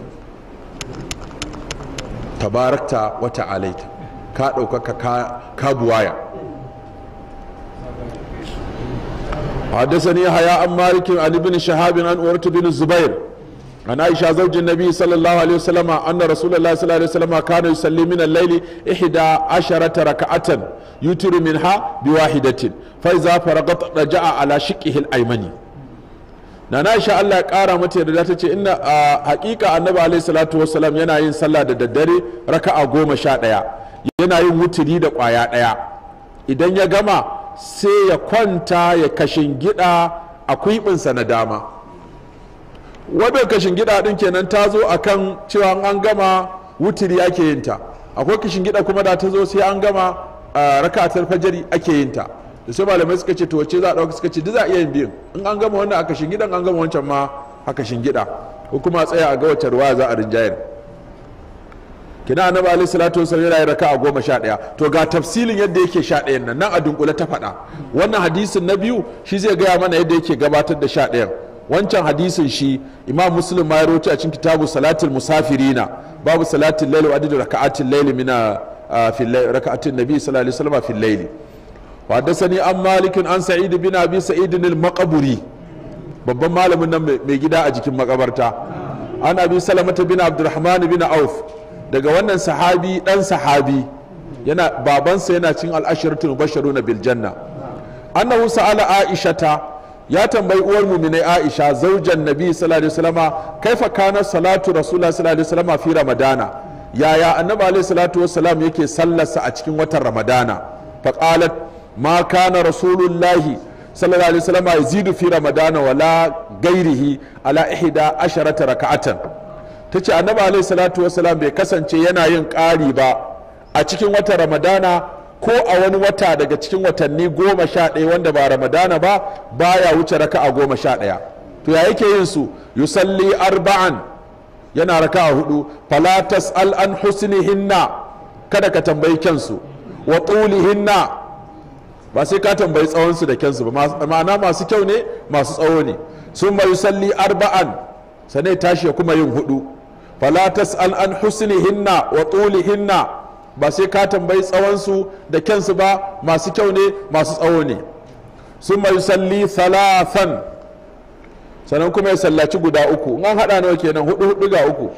tabarakta wa ta'alaita ka ɗaukaka ka buwaya حدثني يحيى عن مالك عن ابن شهاب عن أورة بن الزبير عن عائشة زوج النبي صلى الله عليه وسلم أن رسول الله صلى الله عليه وسلم كان يصلي من الليل إحدى عشرة ركعة يوتر منها بواحدة فإذا فرغت رجع على شقه الأيمن na na sha Allah kara mata yarda ta ce inna a hakika annabi alaihi salatu salam yana yin sallah da daddare raka'a goma sha daya yana yin wuturi da kwaya daya idan ya gama sai ya kwanta ya kashin gida a kwiɓinsa na dama wadda kashin gida din kenan ta zo a kan cewa an gama wuturi ake yinta akwai kashin gida kuma da ta zo sai an gama raka'a fajari ake yinta da sai malamai suka ce to wacce za a dauka suka ce duk za a iya yin biyun in an gama wannan aka shingidan an gama wancan ma aka shingida ko kuma a tsaya a ga wace ruwa za a rinjayar kina annabi alayhi salatu wasallam yana yin raka'a goma sha daya to ga tafsilin yadda yake sha dayan nan nan a dunkule ta faɗa wannan hadisin na biyu shi zai gaya mana yadda yake gabatar da sha dayan wancan hadisin shi imam muslim ma ya rawaito a cikin kitabu salatul musafirina babu salatul layl wa adadu raka'atil layl min fi raka'atin nabi sallallahu alaihi wasallam fi layl وحدثني عن مالك عن سعيد بن ابي سعيد المقبري babban malamin nan mai gida a jikin makabarta an abi salamata bin Abdulrahman bin auf daga wannan sahabi dan sahabi yana babansa yana cin al'ashiratul basharuna bil janna annahu sa'ala ta ya tambayi uwar muminai aisha zaujan nabi sallallahu alaihi wasallama kaifa kana salatu rasulullah sallallahu alaihi wasallama fi ramadana yaya annabi alaihi salatu wassalam yake sallarsa a cikin watan ramadana faqalat ma kana rasulullahi sallallahu alaihi wasallam yazidu fi ramadana wala gairihi ala ihda asharata raka'atan tace annabi alaihi salatu wasallam bai kasance yana yin ƙari ba a cikin wata ramadana ko a wani wata daga cikin watanni goma sha ɗaya wanda ba ramadana ba baya wuce raka'a goma sha ɗaya to ya yake yin su yusalli arba'an yana raka'a hudu Falatas tas'al an husnihinna kada ka tambayi kyansu wa hinna ba sai ka tambayi tsawonsu da kyansu ba ma'ana masu kyau ne masu tsawo ne sun bai salli arba'an sane tashi kuma yin hudu fala tas'al an husni hinna wa hinna. ba sai ka tambayi tsawonsu da kyansu ba masu kyau ne masu tsawo ne sun bai salli salasan sanan kuma ya sallaci guda uku in an haɗa nawa kenan hudu hudu ga uku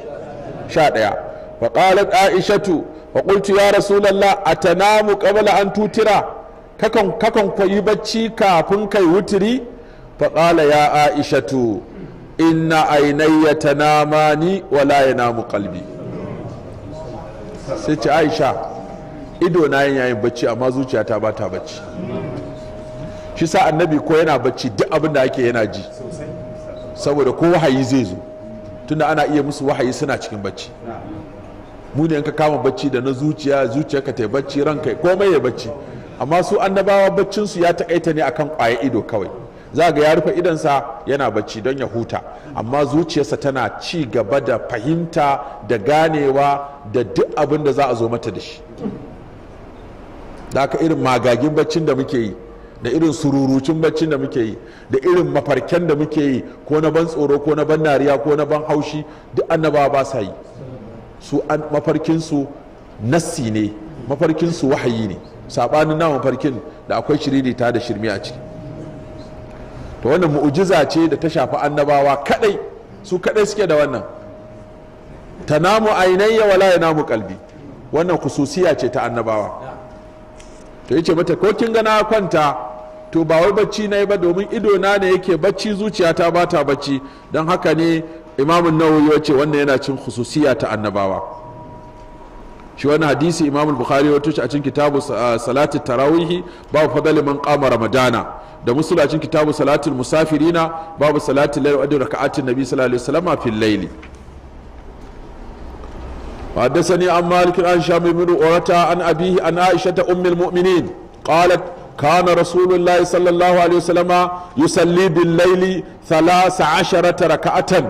sha ɗaya qalat aishatu فقلت qultu ya rasulullah atanamu qabla an tutira. kakan bacci kafin kai wutiri faƙala ya aishatu inna nama ni wala namu kalbi sai ce aisha ido na yin yayin bacci amma zuciya ta bata bacci shi sa annabi ko yana bacci duk abin da ake yana ji saboda ko wahayi zai zo tunda ana iya musu wahayi suna cikin bacci mu ne kama bacci da na zuciya ka ta bacci ranka komai ya bacci amma su annabawa baccinsu ya takaita ne akan ƙwaye ido kawai za ga ya rufe idonsa yana bacci don ya huta amma zuciyarsa tana ci gaba da fahimta da ganewa da duk abin da za a zo mata da shi da aka irin magagin baccin da muke yi da irin sururucin baccin da muke yi da irin mafarken da muke yi ko na ban tsoro ko na ban nariya ko na ban haushi duk annabawa ba sa yi su mafarkinsu nassi ne mafarkinsu wahayi ne sabanin naman farkin da akwai shiriri ta da shirmi a ciki to wannan mu'ujiza ce da ta shafi annabawa kadai su kadai suke da wannan Ta tanamu ainayya wala ya namu kalbi wannan kususiya ce ta annabawa to yace mata ko kin gana kwanta to ba wai bacci nayi ba domin ido na ne yake bacci zuciyata ba ta bacci don haka ne imamun nawawi wace wannan yana cin kususiya ta annabawa shi wani hadisi imamul bukhari wato shi a cikin kitabu uh, salatin tarawihi babu fadali man qama ramadana da musul a cikin kitabu salatin musafirina babu salatin layl wadda raka'atin nabi sallallahu alaihi wasallam fil layli حدثني an مالك عن هشام بن أورة عن أبيه عن عائشة أم المؤمنين قالت كان رسول الله صلى الله عليه وسلم يصلي بالليل ثلاث عشرة ركعة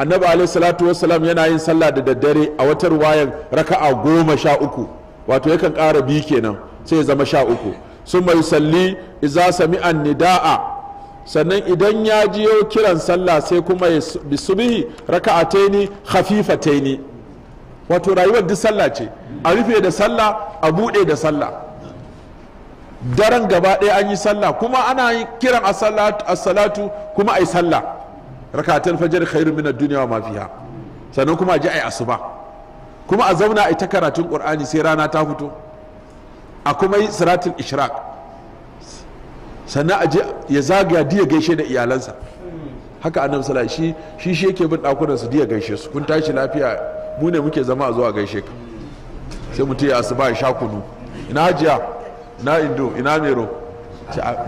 annabi alaihi salatu wassalam yana yin sallah da daddare a wata ruwayan raka'a goma sha uku wato yakan kara biyu kenan sai ya zama sha uku sun mai salli iza an nida'a sannan idan ya ji kiran sallah sai kuma ya bi subihi hafifa taini wato rayuwar duk sallah ce a rufe da sallah a buɗe da sallah daren gaba ɗaya an yi sallah kuma ana kiran a salatu kuma a yi sallah Rakatun fajar khairu min ad-dunya wa ma fiha sannan kuma ji ai asuba kuma a zauna a ta karatun qur'ani sai rana ta fito a kuma yi siratul ishraq sannan a je ya zagaya diya gaishe da iyalansa haka annabi sallallahu wasallam shi shi yake bin dakunan su diya gaishe su kun tashi lafiya mu ne muke zama a zuwa gaishe ka sai mutum ya asuba ya sha kunu ina hajiya ina indo ina mero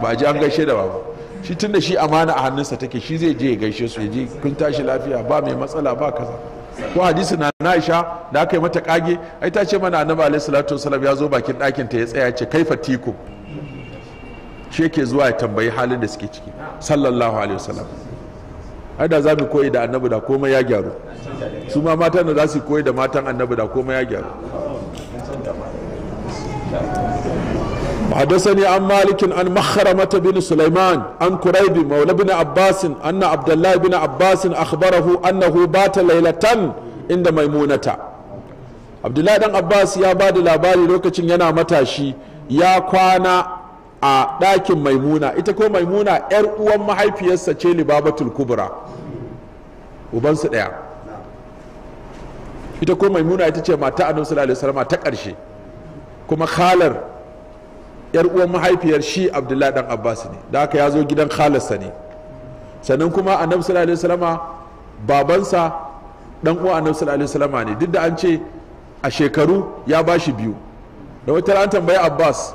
ba ji an gaishe da babu shi tunda shi amana a hannunsa take shi zai je ya gaishe su ya ji kun tashi lafiya ba mai matsala ba kaza ko hadisi na naisha da aka yi mata kage ai ta ce mana annabi alaihi salatu wasallam ya zo bakin ɗakin ta ya tsaya ce kaifa tiku shi yake zuwa ya tambayi halin da suke ciki sallallahu alaihi wasallam ai da za mu koyi da annabi da komai ya gyaru su ma matan da za su koyi da matan annabi da komai ya gyaru حدثني عن مالك عن مخرمة بن سليمان عن كريب مولى بن عباس أن عبد الله بن عباس أخبره أنه بات ليلة عند ميمونة عبد الله بن عباس يا بعد labari lokacin yana matashi ya kwana a ɗakin maimuna ita ko maimuna 'yar uwan mahaifiyarsa ce libabatul kubra ubansu ɗaya ita ko maimuna ita ce mata annabi sallallahu alaihi wasallam ta ƙarshe kuma khalar yar uwan mahaifiyar shi abdullahi dan abbas ne da aka ya zo gidan khalarsa ne sannan kuma annabi sallallahu alaihi wasallama babansa dan uwa annabi sallallahu alaihi wasallama ne duk da an ce a shekaru ya ba shi biyu da wata an tambayi abbas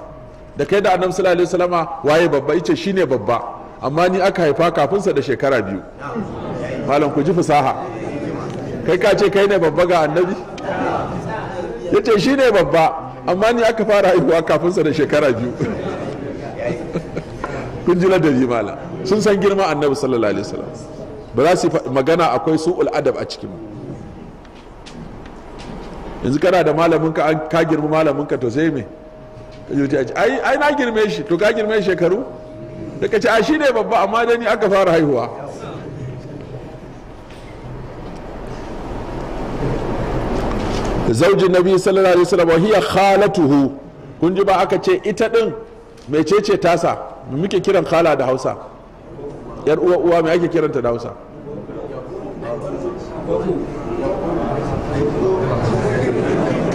da kai da annabi sallallahu alaihi wasallama waye babba yace shine babba amma ni aka haifa kafin sa da shekara biyu malam ku ji fasaha kai ka ce kai ne babba ga annabi yace shine babba amma ni aka fara haihuwa kafin sa da shekara biyu kun ji ladabi mala sun san girma annabi sallallahu alaihi wasallam ba za su magana akwai su adab a cikin yanzu kana da malamin ka ka girma malamin ka to sai me ai ai na girme shi to ka girme shekaru da ka ce a shi ne babba amma dai ni aka fara haihuwa zaujin nabi sallallahu alaihi wasallam hiya khalatuhu kun ji ba aka ce ita din mecece tasa muke kiran khala da Hausa yar uwa uwa me ake kiranta da Hausa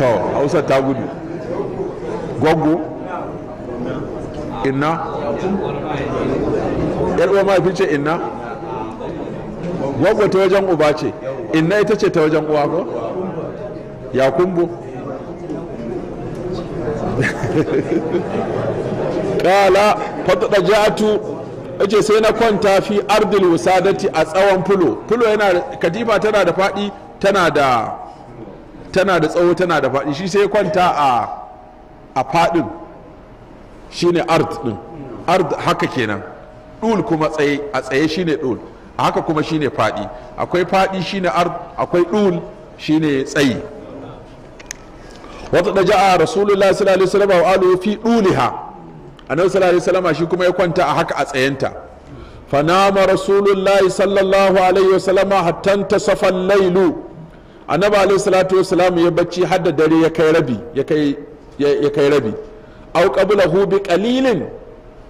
to Hausa ta gudu gwaggo inna yar uwa ma ce inna gwaggo ta wajen uba ce inna ita ce ta wajen uwa ko ya kumbo kala fatada jatu yace sai na kwanta fi ardil wusadati a tsawon fulo fulo yana katifa tana da faɗi tana da tana da tsawo tana da faɗi shi sai kwanta a a faɗin shine ard din ard haka kenan dul kuma tsaye a tsaye shine dul haka kuma shine faɗi akwai faɗi shine ard akwai dul shine tsayi wata da ja'a rasulullah sallallahu alaihi wasallam wa alu fi duliha annabi sallallahu alaihi wasallam shi kuma ya kwanta a haka a tsayenta fanama rasulullah sallallahu alaihi wasallam hatta tasafa al-lailu annabi alaihi salatu wasallam ya bacci har da dare ya kai rabi ya kai ya kai rabi aw qablahu bi qalilin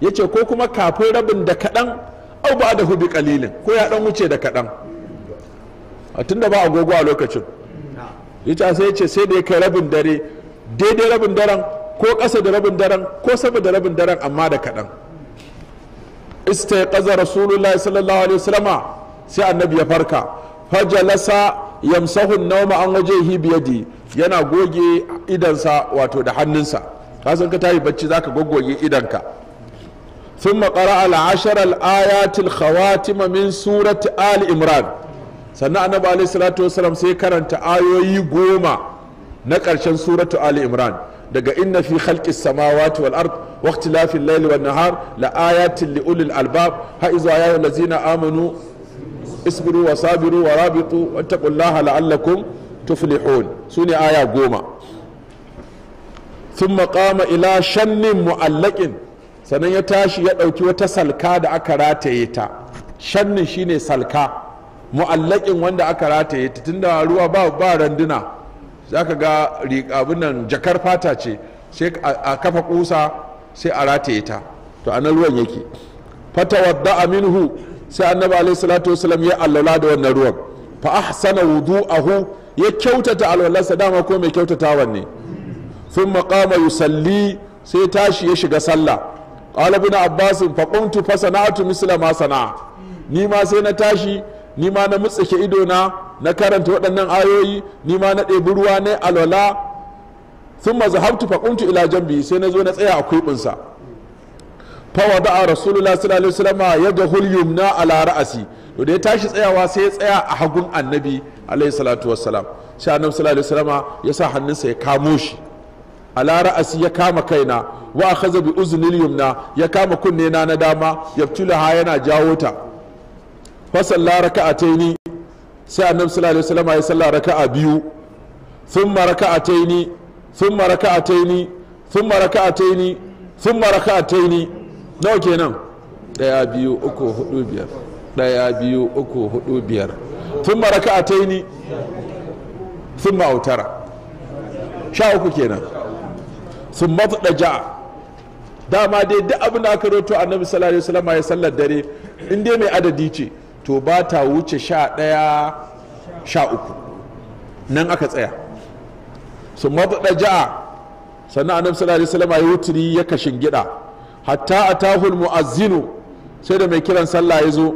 yace ko kuma kafin rabin da kadan aw da bi qalilin ko ya dan wuce da kadan tunda ba agogo a lokacin yace ah, sai ce sai da ya kai rabin dare daidai rabin daren ko ƙasa da rabin daren ko sama da rabin daren amma da kaɗan ƙaza rasulullahi sallallahu alaihi wasallama sai annabi ya farka fajalasa yamsahu an an waje hibiyadi yana goge idansa wato da hannunsa ka san ka tayi bacci zaka goggoge idanka sun قرأ العشر ayatil khawatima min سورة ali imran. sannan annabi alaihi salatu wasalam sai karanta ayoyi goma na ƙarshen suratu ali imran daga inna fi khalqis samawati wal ard wa ikhtilafil layli wan nahar la ayatin li ulil albab ha iza ya allazina amanu isbiru wa sabiru wa rabitu wattaqullaha la'allakum tuflihun sune aya goma thumma qama ila shannin mu'allaqin sannan ya tashi ya ɗauki wata salka da aka rataye ta shannin shine salka mu'allakin wanda aka rataye ta tunda ruwa ba ba randuna zaka ga abin nan jakar fata ce sai a kafa kusa sai a rataye ta to nan ruwan yake wadda minhu sai annabi alaihi salatu wasalam ya allala da wannan ruwan fa ahsana wudu'ahu ya kyautata alwalarsa dama ko mai kyautatawan ne sun qama yusalli sai tashi ya shiga sallah qala ibn abbas fa qumtu fa misla ma sana'a ni ma sai na tashi ni ma na mutsake ido na na karanta waɗannan ayoyi ni ma na ɗebi ruwa ne alwala sun ma zahabtu faƙuntu ila jambi sai na zo na tsaya a kuɓinsa fawa da'a rasulullah sallallahu alaihi wasallam ya ga hulyumna ala ra'asi to da ya tashi tsayawa sai ya tsaya a hagun annabi alaihi salatu wassalam sai annabi sallallahu alaihi ya sa hannunsa ya kamo shi ala ra'asi ya kama kaina wa akhadha bi uzni yumna ya kama kunne na na dama yabtulaha yana jawo ta fasalla taini sai annabi sallallahu alaihi wasallam ya salla raka'a biyu thumma taini thumma taini thumma taini thumma taini nawa kenan daya biyu uku hudu biyar daya biyu uku hudu biyar thumma taini thumma autara sha uku kenan thumma tadaja dama dai duk abin da aka roto annabi sallallahu alaihi wasallam ya sallar dare in dai mai adadi ce to ba ta wuce sha ɗaya sha uku nan aka tsaya su mataɗa ja'a sannan annabi sallallahu alaihi wasallam ya wuturi ya kashin gida hatta a tahul mu'azzinu sai da mai kiran sallah ya zo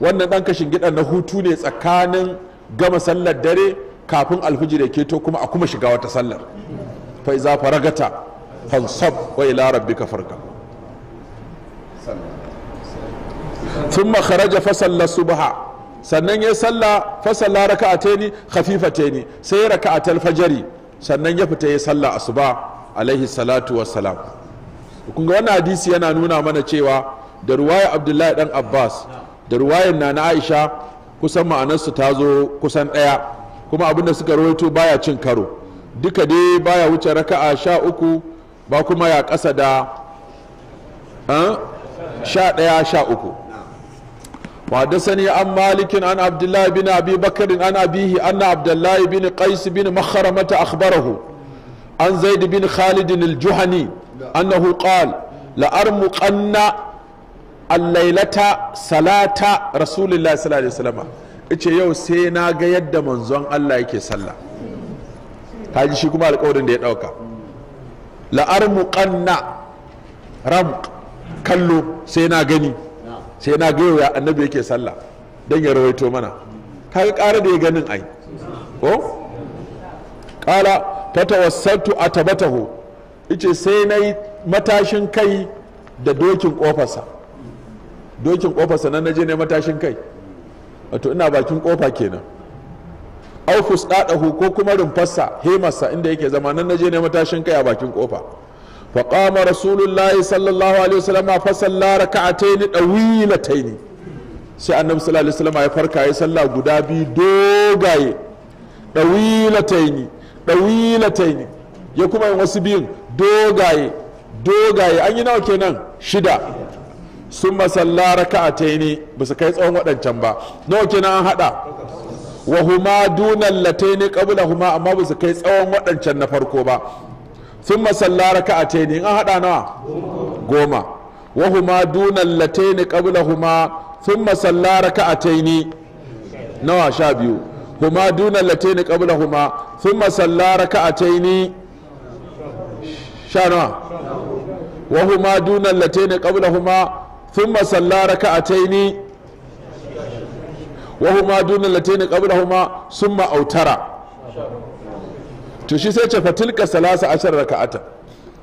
wannan ɗan kashin gida na hutu ne tsakanin gama sallar dare kafin alfijir ke to kuma a kuma shiga wata sallar fa iza faragata fansab wa ila rabbika farka sun makaraja fasalla subha sannan ya salla fasalla raka a teni khafifa teni sai ya raka a talfajari sannan ya fita ya salla asuba alaihi salatu wassalam kun ga wannan hadisi yana nuna mana cewa da ruwaya abdullahi dan abbas da ruwayan na aisha kusan ma'anarsu ta zo kusan ɗaya kuma abinda suka rawaito baya cin karo duka dai baya wuce raka'a sha uku ba kuma ya kasa da eh, sha ɗaya sha uku وحدثني عن مالك عن عبد الله بن ابي بكر عن ابيه ان عبد الله بن قيس بن مخرمة اخبره عن زيد بن خالد الجهني انه قال لأرمقن الليلة صلاة رسول الله صلى الله عليه وسلم ice yau sai na ga yadda manzon Allah yake sallah ta ji shi kuma alƙawarin da ya ɗauka la'armuqanna ramq kallo sai na gani sai na ga ya annabi yake sallah don ya rawaito mana kaga ƙara da ya ganin ai ko kala ta tawassaltu a tabatahu ice sai na yi matashin kai da dokin ƙofarsa dokin ƙofarsa nan naje ne matashin kai wato ina bakin ƙofa kenan au fusɗaɗahu ko kuma rumfarsa hemarsa inda yake zama nan naje ne matashin kai a bakin ƙofa fa qama rasulullahi sallallahu alaihi wasallam fa salla raka'atayn dawilatayn sai annabi sallallahu alaihi wasallam ya farka ya salla guda biyu dogaye dawilatayn dawilatayn ya kuma yin wasu biyun dogaye dogaye an yi nawa kenan shida sun masalla raka'atayn ba su kai tsawon waɗancan ba nawa kenan an haɗa wa huma dunan lataini qabla huma amma ba su kai tsawon waɗancan na farko ba sun masalla raka a taini an haɗa nawa goma wahuma dunan lataini ƙabla huma sun masalla raka a taini nawa sha biyu huma dunan lataini ƙabla huma sun masalla raka a taini sha nawa wahuma dunan sun a taini sun ma'autara to shi sai ce fatilka salasa ashar raka'ata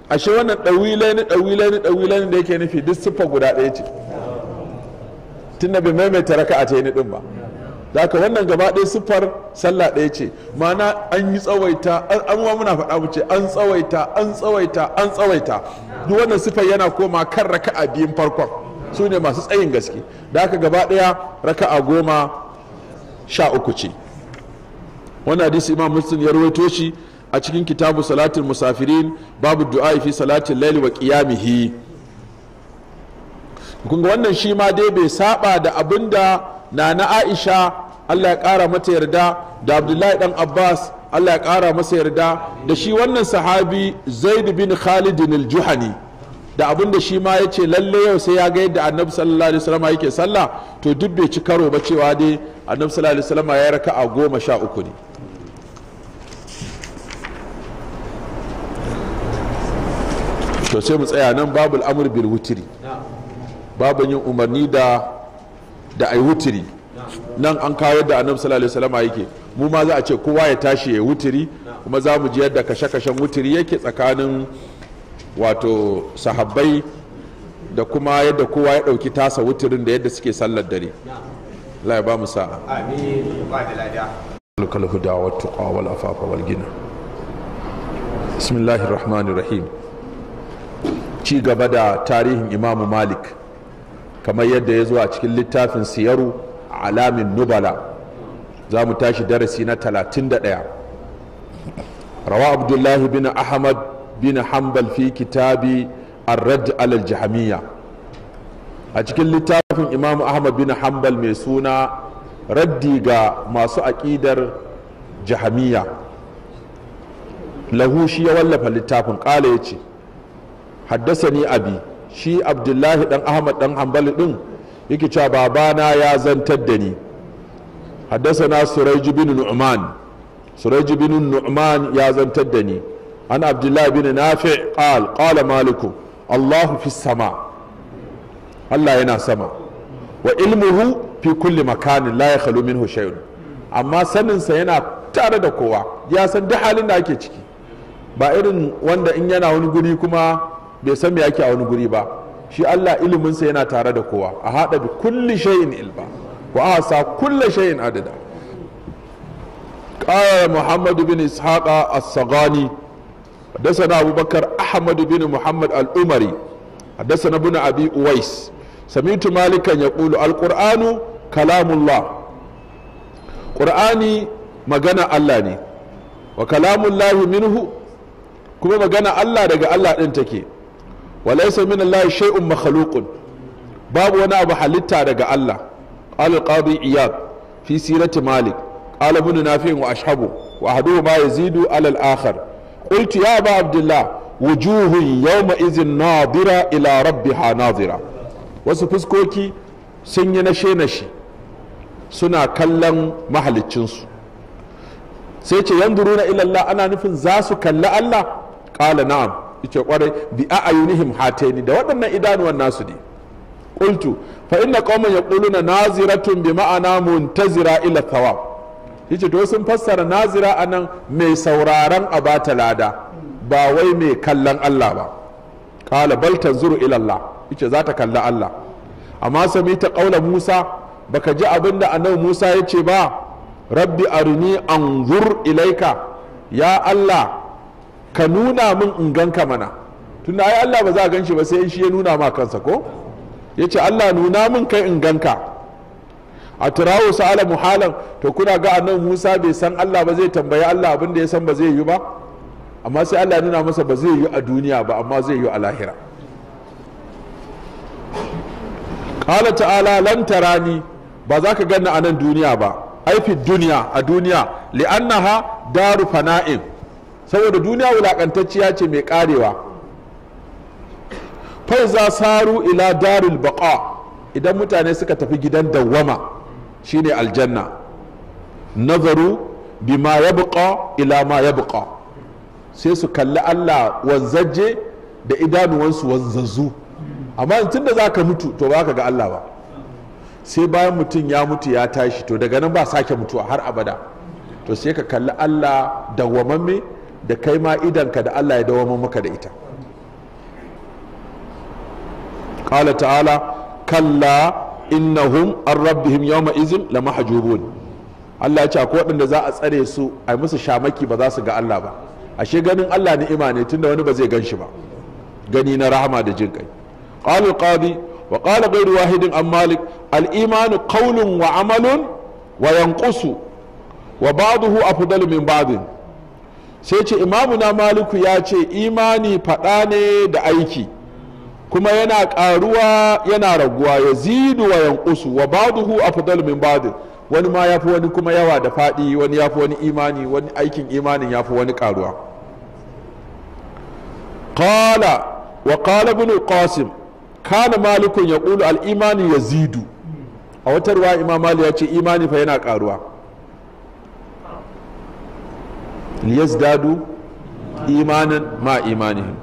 ashe wannan ɗawilai ni ɗawilai da yake nufi duk siffa guda ɗaya ce tunda bai maimaita raka'a ta yi ba aka wannan gaba ɗaya siffar sallah ɗaya ce mana an yi tsawaita an wa muna faɗa mu ce an tsawaita an tsawaita an tsawaita duk wannan siffar yana koma kan raka'a biyun farkon su ne masu tsayin gaske da aka gaba ɗaya raka'a goma sha uku ce wannan hadisi imam muslim ya rawaito shi a cikin kitabu salatin musafirin babu du'a fi salatin laili wa qiyamihi kunga wannan shi ma dai bai saba da abin da na na aisha allah ya kara mata yarda da abdullahi dan abbas allah ya kara masa yarda da shi wannan sahabi zaid bin khalid al-juhani da abin da shi ma ya ce lalle yau sai ya ga yadda annabi sallallahu alaihi wasallam yake sallah to duk bai ci karo ba cewa dai annabi sallallahu alaihi wasallam ya raka'a goma sha uku ne to sai mu tsaya nan babu al'amur bil wutiri babu yin umarni da da ai wutiri nan an kawo yadda annabi sallallahu alaihi wasallam yake mu ma za a ce kowa ya tashi ya wutiri kuma za mu ji yadda kashe-kashen wutiri yake tsakanin wato sahabbai da kuma yadda kowa ya ɗauki tasa wuturin da yadda suke sallar dare Allah ya ba mu sa'a amin ba da lada alkal huda wa tuqa wal afafa wal gina bismillahir rahmanir rahim ci gaba da tarihin imamu malik kamar yadda ya zo a cikin littafin siyaru alamin nubala za mu tashi darasi na 31 rawa abdullahi bin ahmad bin hanbal fi kitabi ar-rad alal jahamiyya a cikin littafin imamu ahmad bin hanbal mai suna raddi ga masu aƙidar jahamiyya lahushi ya wallafa littafin ƙala ya ce haddasani abi shi abdullahi dan ahmad dan hanbali din yake cewa babana ya zantar da ni na suraij bin nu'man suraij bin nu'man ya zantar da ni an abdullahi bin nafi qal qala maliku allahu fi sama allah yana sama wa ilmuhu fi kulli makanin la yakhlu minhu shay'un amma saninsa yana tare da kowa ya san duk halin da ake ciki ba irin wanda in yana wani guri kuma bai san me yake a wani guri ba shi Allah iliminsa yana tare da kowa a haɗa bi kulli shayin ilba wa a sa shayin adada ƙayar muhammad bin ishaqa as-sagani haddasa abubakar ahmad bin muhammad al-umari haddasa na bin abi uwais malikan ya ƙulu al-ƙur'anu kalamullah ƙur'ani magana Allah ne wa kalamullahi minhu kuma magana Allah daga Allah ɗin take walaysa min Allah shay'un makhluqun babu wani abu halitta daga Allah qala al-qadi iyad fi sirati malik qala ibn nafi' wa ashabu wa ahadu ma yazidu ala al-akhar qultu ya ba abdullah wujuhun yawma idhin nadira ila rabbiha nadira wasu fuskoki sun yi nashe nashi suna kallon mahaliccinsu sai ce yanzuruna ila Allah ana nufin za su kalli Allah qala na'am ita kwarai bi a ayunihim hatani da waɗannan idanuwan nasu ne qultu fa inna qauman yaquluna naziratun bi ma'ana muntazira ila thawab yace to sun fassara nazira anan mai sauraron abata lada ba wai mai kallon Allah ba qala bal tanzuru ila Allah yace za ta kalla Allah amma sami ta qaula Musa baka ji abinda annabi Musa yace ba rabbi arini anzur ilaika ya Allah ka nuna min in ganka mana tunda ai Allah ba za a gan shi ba sai shi ya nuna ma kansa ko ya ce Allah nuna min kai in ganka a turawo sa'ala muhalan to kuna ga annabi Musa bai san Allah ba zai tambayi Allah abin da ya san ba zai yi ba amma sai Allah nuna masa ba zai yi a duniya ba amma zai yi a lahira qala ta'ala lan tarani ba za ka ganna a nan duniya ba ai fi duniya a duniya li'annaha daru fana'in saboda duniya wulaƙantacciya ce mai karewa faiza saru ila darul baqa idan mutane suka tafi gidan dawwama shine aljanna nazaru bima yabqa ila ma yabqa sai su kalli Allah wanzaje da idanuwansu wanzazzu amma tun da za ka mutu to ba ka ga Allah ba sai bayan mutum ya mutu ya tashi to daga nan ba sake mutuwa har abada to sai ka kalli Allah dawwamamme da kai ma idanka da Allah ya dawo maka da ita qala ta'ala kalla innahum an rabbihim yawma izin la mahjubun Allah ya ce akwai waɗanda za a tsare su a musu shamaki ba za su ga Allah ba ashe ganin Allah ni'ima ne tunda wani ba zai gan shi ba gani na rahama da jin kai qala qadi wa qala ghayru wahidin an malik al-iman qawlun wa amalun wa yanqusu wa ba'dahu afdalu min ba'din sai ce imamu na maliku ya ce imani faɗa ne da aiki kuma yana ƙaruwa yana raguwa ya zidu wa yankusu wa baduhu afdal min badin wani ma yafi wani kuma yawa da faɗi wani yafi wani imani wani aikin imanin yafi wani ƙaruwa qala wa qala ibn qasim kana malikun yaqulu al imani yazidu a wata ruwa imam mali ya ce imani fa yana ƙaruwa liyazdadu imanin ma imanihim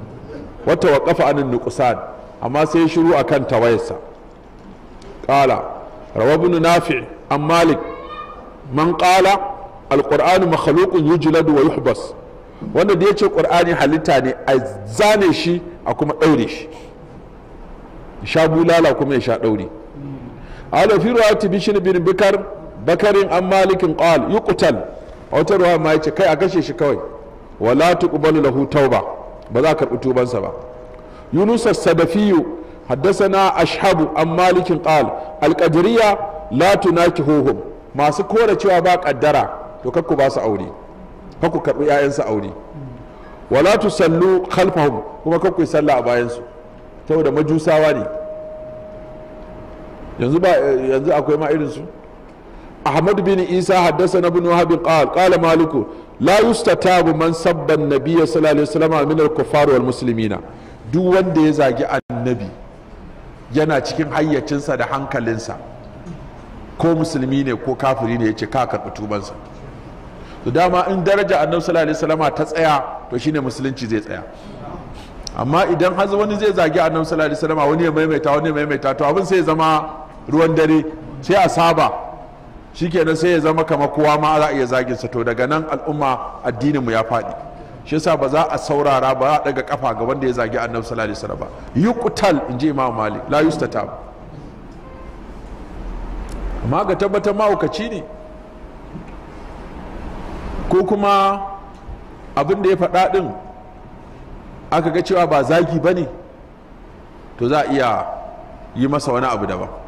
wata waƙafa anin nuqsan amma sai shiru akan tawayarsa qala rawa nafi an malik man qala alqur'anu makhluqun yujladu wa yuhbas wanda da ce ƙur'ani halitta ne a zane shi a kuma daure shi sha bulala kuma ya sha daure ala fi ruwati bishin bin bikar bakarin an malikin qal yuqtal a wata ruwa ma ya ce kai a kashe shi kawai wala tuqbalu lahu tauba ba za ka karɓi tubansa ba yunus sadafiyu na ashhabu an malikin qal alqadiriya la tunakihuhum masu kora cewa ba kaddara to kakku ba su aure kakku karɓi 'ya'yansa aure wala tusallu khalfahum kuma kakku sallah a bayansu saboda majusawa ne yanzu ba eh, yanzu akwai ma irin su ahmad bin isa haddasa na bin قال قال مالك لا يستتاب man سب النبي صلى الله عليه وسلم من الكفار والمسلمين دو duk wanda ya zagi annabi yana cikin hayyacinsa da hankalinsa ko musulmi ne ko kafiri ne ya ce ka karɓi tubansa to dama in daraja annabi sallallahu alaihi wasallama ta tsaya to shine musulunci zai tsaya amma idan har wani zai zagi annabi sallallahu alaihi wasallama wani ya maimaita wani ya maimaita to abin sai zama ruwan dare sai a saba shikenan sai ya zama kama kowa ma za a iya zagin sa to daga nan al'umma addinin mu ya faɗi shi yasa ba za a saurara ba za a daga kafa ga wanda ya zagi annabi sallallahu alaihi wasallam ba yuqtal inji imam malik la yustatab amma ga tabbatar mahaukaci ne ko kuma abin da ya faɗa ɗin aka ga cewa ba zagi ba ne to za a iya yi masa wani abu daban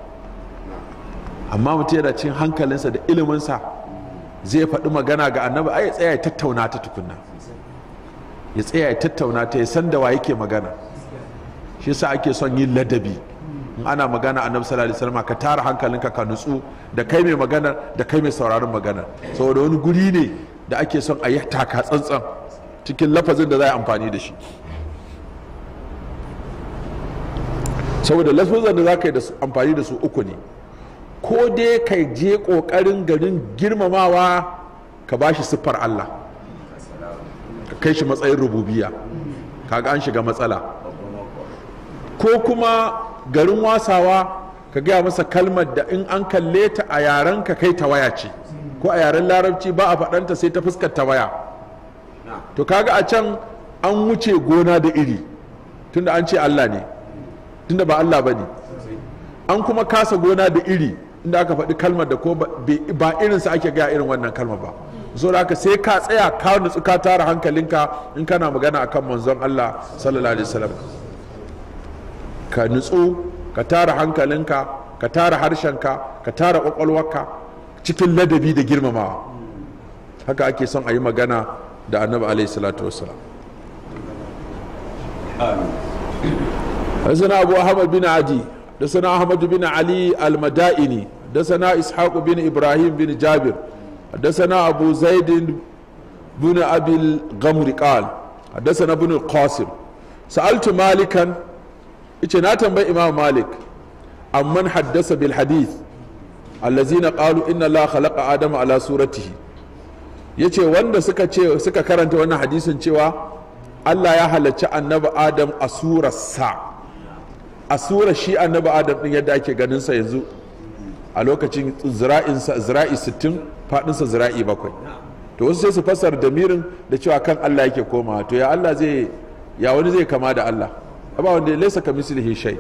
amma mutum yana cin hankalinsa da iliminsa zai faɗi magana ga annabi ai ya tsaya ya tattauna ta tukunna ya tsaya ya tattauna ta ya san da wa yake magana shi sa ake son yin ladabi in ana magana annabi sallallahu alaihi wasallam ka tara hankalinka ka nutsu da kai mai magana da kai mai sauraron magana saboda wani guri ne da ake son a yi taka tsantsan cikin lafazin da za a yi amfani da shi saboda lafazin da za ka yi amfani da su uku ne ko dai ka je ƙoƙarin garin girmamawa ka ba shi siffar Allah ka kai shi matsayin rububiya ka ga an shiga matsala ko kuma garin wasawa ka gaya masa kalmar da in an kalle ta a yaren ka kai ta waya ce ko a yaren larabci ba a faɗanta sai ta fuskar ta waya to kaga a can an wuce gona da iri tunda an ce Allah ne tunda ba Allah ba ne an kuma kasa gona da iri inda aka faɗi kalmar da ko ba irinsa ake gaya irin wannan kalmar ba so da haka sai ka tsaya ka nutsu ka tara hankalinka in kana magana akan manzon Allah sallallahu alaihi wasallam ka nutsu ka tara hankalinka ka tara harshenka ka tara kwakwalwarka cikin ladabi da girmamawa haka ake son a yi magana da annabi alaihi salatu wasallam amin suna abu ahmad bin adi da sana ahmad bin ali al-mada'ini حدثنا إسحاق بن إبراهيم بن جابر حدثنا أبو زيد بن أبي الغمر قال حدثنا ابن القاسم سألت مالكا اتنا تنبي إمام مالك أمن حدث بالحديث الذين قالوا إن الله خلق آدم على صورته yace wanda suka ce suka karanta wannan hadisin cewa Allah ya halarci annabi Adam a surarsa a surar shi annabi Adam din yadda ake ganin sa yanzu a lokacin zira'insa zira'i 60 faɗinsa zira'i 7 to wasu sai su fasar damirin da cewa kan Allah yake koma to ya Allah zai ya wani zai kama da Allah ba wanda laisa ka mislihi shay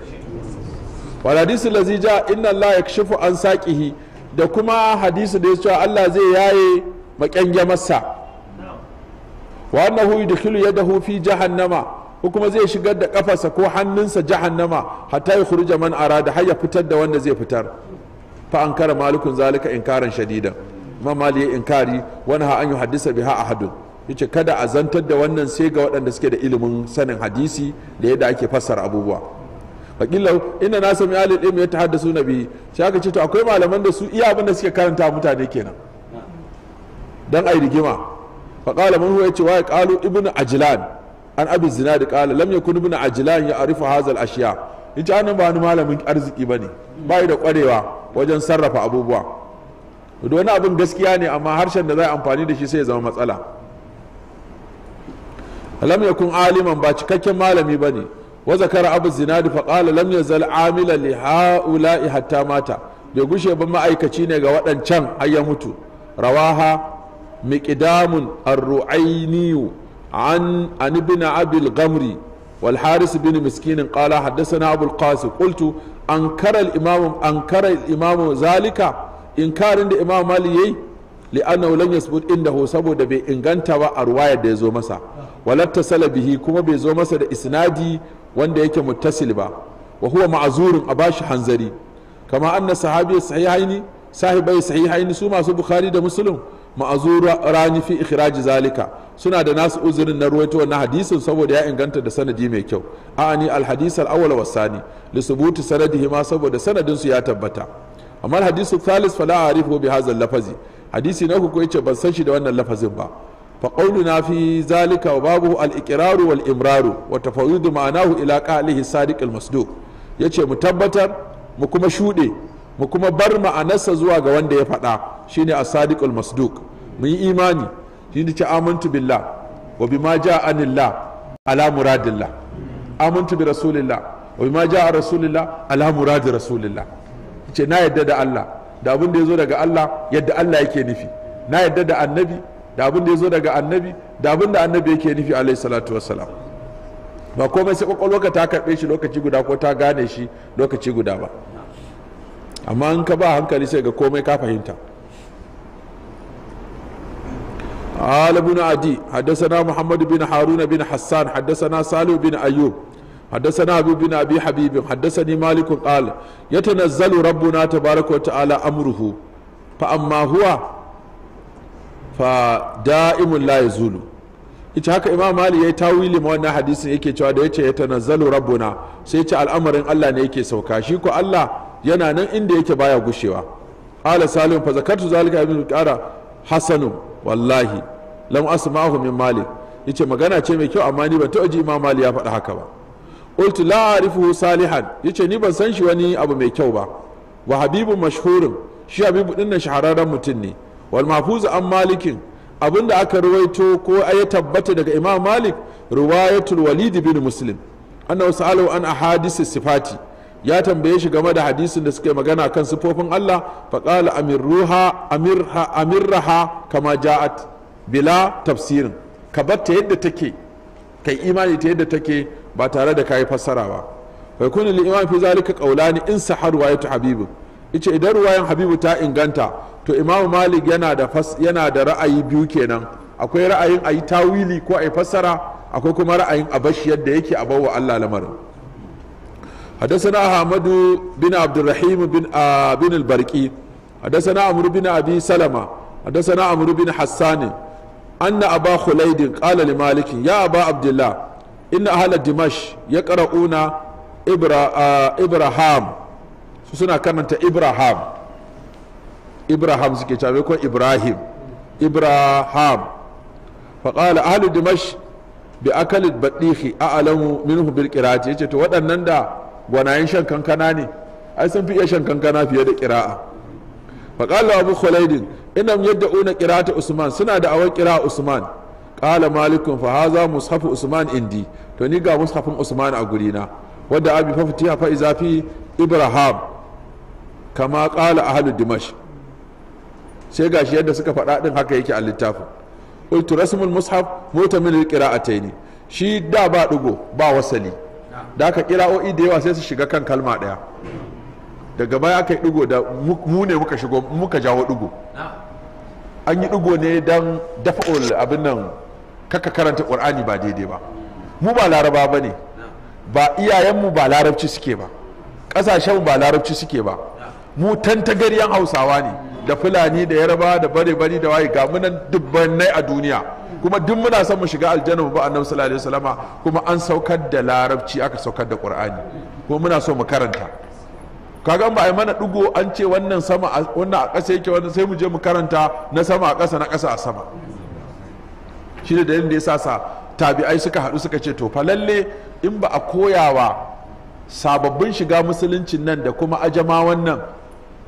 wal hadisi lazi ja inna Allah yakshifu an saqihi da kuma hadisi da ya cewa Allah zai yaye makyange masa wa annahu yudkhilu yadahu fi jahannama ko kuma zai shigar da kafarsa ko hannunsa jahannama hatta ya khuruja man arada har ya fitar da wanda zai fitar fa an kara malikun zalika inkaran shadida imam mali ya inkari wani ha an yi hadisa biha ahadun yace kada a zantar da wannan sai ga waɗanda suke da ilimin sanin hadisi da yadda ake fassara abubuwa fakilau inda nasu sami alil ilmi ya na nabi sai aka ce to akwai malaman da su iya abin da suke karanta mutane kenan dan ai rigima fa qala man huwa yace wa qalu ibnu ajlan an abi zinad qala lam yakun ibnu ajlan ya arifu hazal ashiya in ci ba wani malamin arziki bane bai da kwarewa wajen sarrafa abubuwa da wani abin gaskiya ne amma harshen da za a amfani da shi sai ya zama matsala lam yakun aliman ba cikakken malami bane wa zakara abu zinadi fa qala lam yazal amila li haula'i hatta mata bai gushe ban ma'aikaci ne ga waɗancan har mutu rawaha miqdamun ar-ru'ainiyu an an abil gamri والحارس بن مسكين قال حدثنا أبو القاسم قلت أنكر الإمام أنكر الإمام ذلك إنكار عند إمام مالي لأنه لم يثبت عنده سبب بي إنغانتا وأرواية ديزو مسا ولا اتصل به كما بيزو مسا إسنادي وان ديك متصل با وهو معذور أباش حنزري كما أن صحابي الصحيحين صاحبي الصحيحين سوما سو بخاري ده مسلم ma'azuru rani fi ikhraji zalika suna da nasu uzurin na ruwaito wannan hadisin saboda ya inganta da sanadi mai kyau a'ani alhadis al-awwal wasani sani li subuti sanadihi ma saboda sanadin su ya tabbata amma hadisu thalith fala a'rifu bi hadha lafazi hadisi na ko yace ban san shi da wannan lafazin ba fa qawluna fi zalika wa babu al-iqraru wal imraru wa tafawwidu ma'anahu ila qalihi sadiq al-masduq yace mu tabbatar mu kuma shude mu kuma bar ma'anarsa zuwa ga wanda ya faɗa shine as-sadiqul masduq mu yi imani shine ce amantu billah wa bima ja'a anillah ala muradillah amantu bi rasulillah wa bima ja'a rasulillah ala muradi rasulillah ce na yadda da Allah da abin da yazo daga Allah yadda Allah yake nufi na yadda da annabi da abin da yazo daga annabi da abin da annabi yake nufi alayhi salatu wassalam ba komai sai ka ta karɓe shi lokaci guda ko ta gane shi lokaci guda ba amma in ka ba hankali sai ga komai ka fahimta قال ابن عدي حدثنا محمد بن هارون بن حسان حدثنا سالم بن ايوب حدثنا ابو بن ابي حبيب حدثني مالك قال يتنزل ربنا تبارك وتعالى امره فاما هو فدائم لا يزول ita haka imam mali ya yi tawili ma wannan hadisin yake cewa da yace ya rabbuna sai yace al'amarin Allah ne yake sauka shi ko Allah yana nan inda yake baya gushewa ala salim fa zakartu zalika ibn qara hasanu wallahi lam asma'ahu min malik yace magana ce mai kyau amma ni ban taji imam mali ya faɗi haka ba qultu la a'rifuhu salihan yace ni ban san shi wani abu mai kyau ba wa habibu mashhurun shi habibu dinnan shahararren mutum ne wal mahfuzu an malikin abinda aka ruwaito ko ya tabbata daga imam malik riwayatul walid bin muslim annahu sa'alu an ahadisi sifati ya tambaye shi game da hadisin da suke magana kan sifofin Allah faƙala amirruha amirha amirraha kama ja'at bila tafsirin ka batta yadda take kai imani ta yadda take ba tare da kayi fassara ba fa kunu li imam fi zalika qawlani in sahar riwayatu habibu ice idan ruwayan habibu ta inganta to imamu malik yana da yana da ra'ayi biyu kenan akwai ra'ayin ayi tawili ko ayi fassara akwai kuma ra'ayin abashi yadda yake a Allah lamarin حدثنا أحمد بن عبد الرحيم بن آه بن البرقي حدثنا عمرو بن أبي سلمة حدثنا عمرو بن حسان أن أبا خليد قال لمالك يا أبا عبد الله إن أهل دمشق يقرؤون إبرا آه إبراهام سنة كانت إبراهام إبراهام سكي إبراهيم إبراهام فقال أهل دمشق bi akalin baɗihi a alamu minhu bil qira'ati yace to waɗannan da gwanayen shan kankana ne ai sun fi iya shan kankana fiye da kira'a faƙala abu khulaidin inam yadda una kirata usman suna da awon kira usman kala malikun fa haza mushafu usman indi to ni ga mushafin usman a gurina wadda abi faftiha fa iza fi ibrahim kama kala ahlu dimash sai gashi yadda suka faɗa din haka yake a littafin qultu rasmul mushaf mutamin qira'ataini shi da ba digo ba wasali da aka kira'o'i da yawa sai su shiga kan kalma ɗaya daga baya aka yi dugo da mu ne muka shigo muka jawo dugo an yi dugo ne don dafa abin nan kaka karanta ƙur'ani ba daidai ba mu ba laraba ba ne ba iyayenmu ba larabci suke ba ƙasashenmu ba larabci suke ba mu tantagaryen hausawa ne da fulani da yarba da bare bari da waye ga munan a duniya kuma duk muna son mu shiga aljanna mu ba annabi sallallahu alaihi wasallama kuma an saukar da larabci aka saukar da qur'ani kuma muna so mu karanta kaga ba ai mana dugo an ce wannan sama wannan a ƙasa yake wannan sai mu je mu karanta na sama a ƙasa na ƙasa a sama shi da dalilin da yasa sa tabi'ai suka haɗu suka ce to fa lalle in ba a koyawa sababbin shiga musuluncin nan da kuma ajama wannan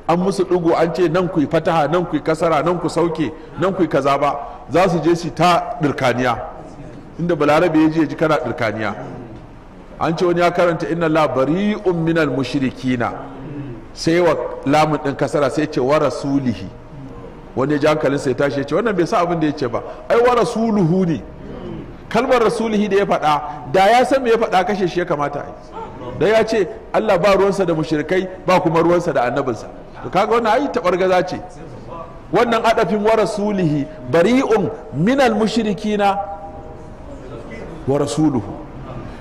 an musu ɗigo an ce nan ku fataha nan ku kasara nan ku sauke nan ku kaza ba za su je su ta ɗirkaniya inda balarabe ya je ya ji kana ɗirkaniya an ce wani ya karanta inna la bari'un minal mushrikina sai wa lamun ɗin kasara sai ce wa rasulihi wani ya ji hankalin sai tashi ya ce wannan bai sa abin da ya ce ba ai wa rasuluhu ne kalmar rasulihi da ya faɗa da ya san me ya faɗa kashe shi ya kamata a yi da ya ce allah ba ruwansa da mushrikai ba kuma ruwansa da annabinsa to kaga wannan ai gaza ce wannan adafin wa rasulihi bari'un minal mushrikina wa rasuluhu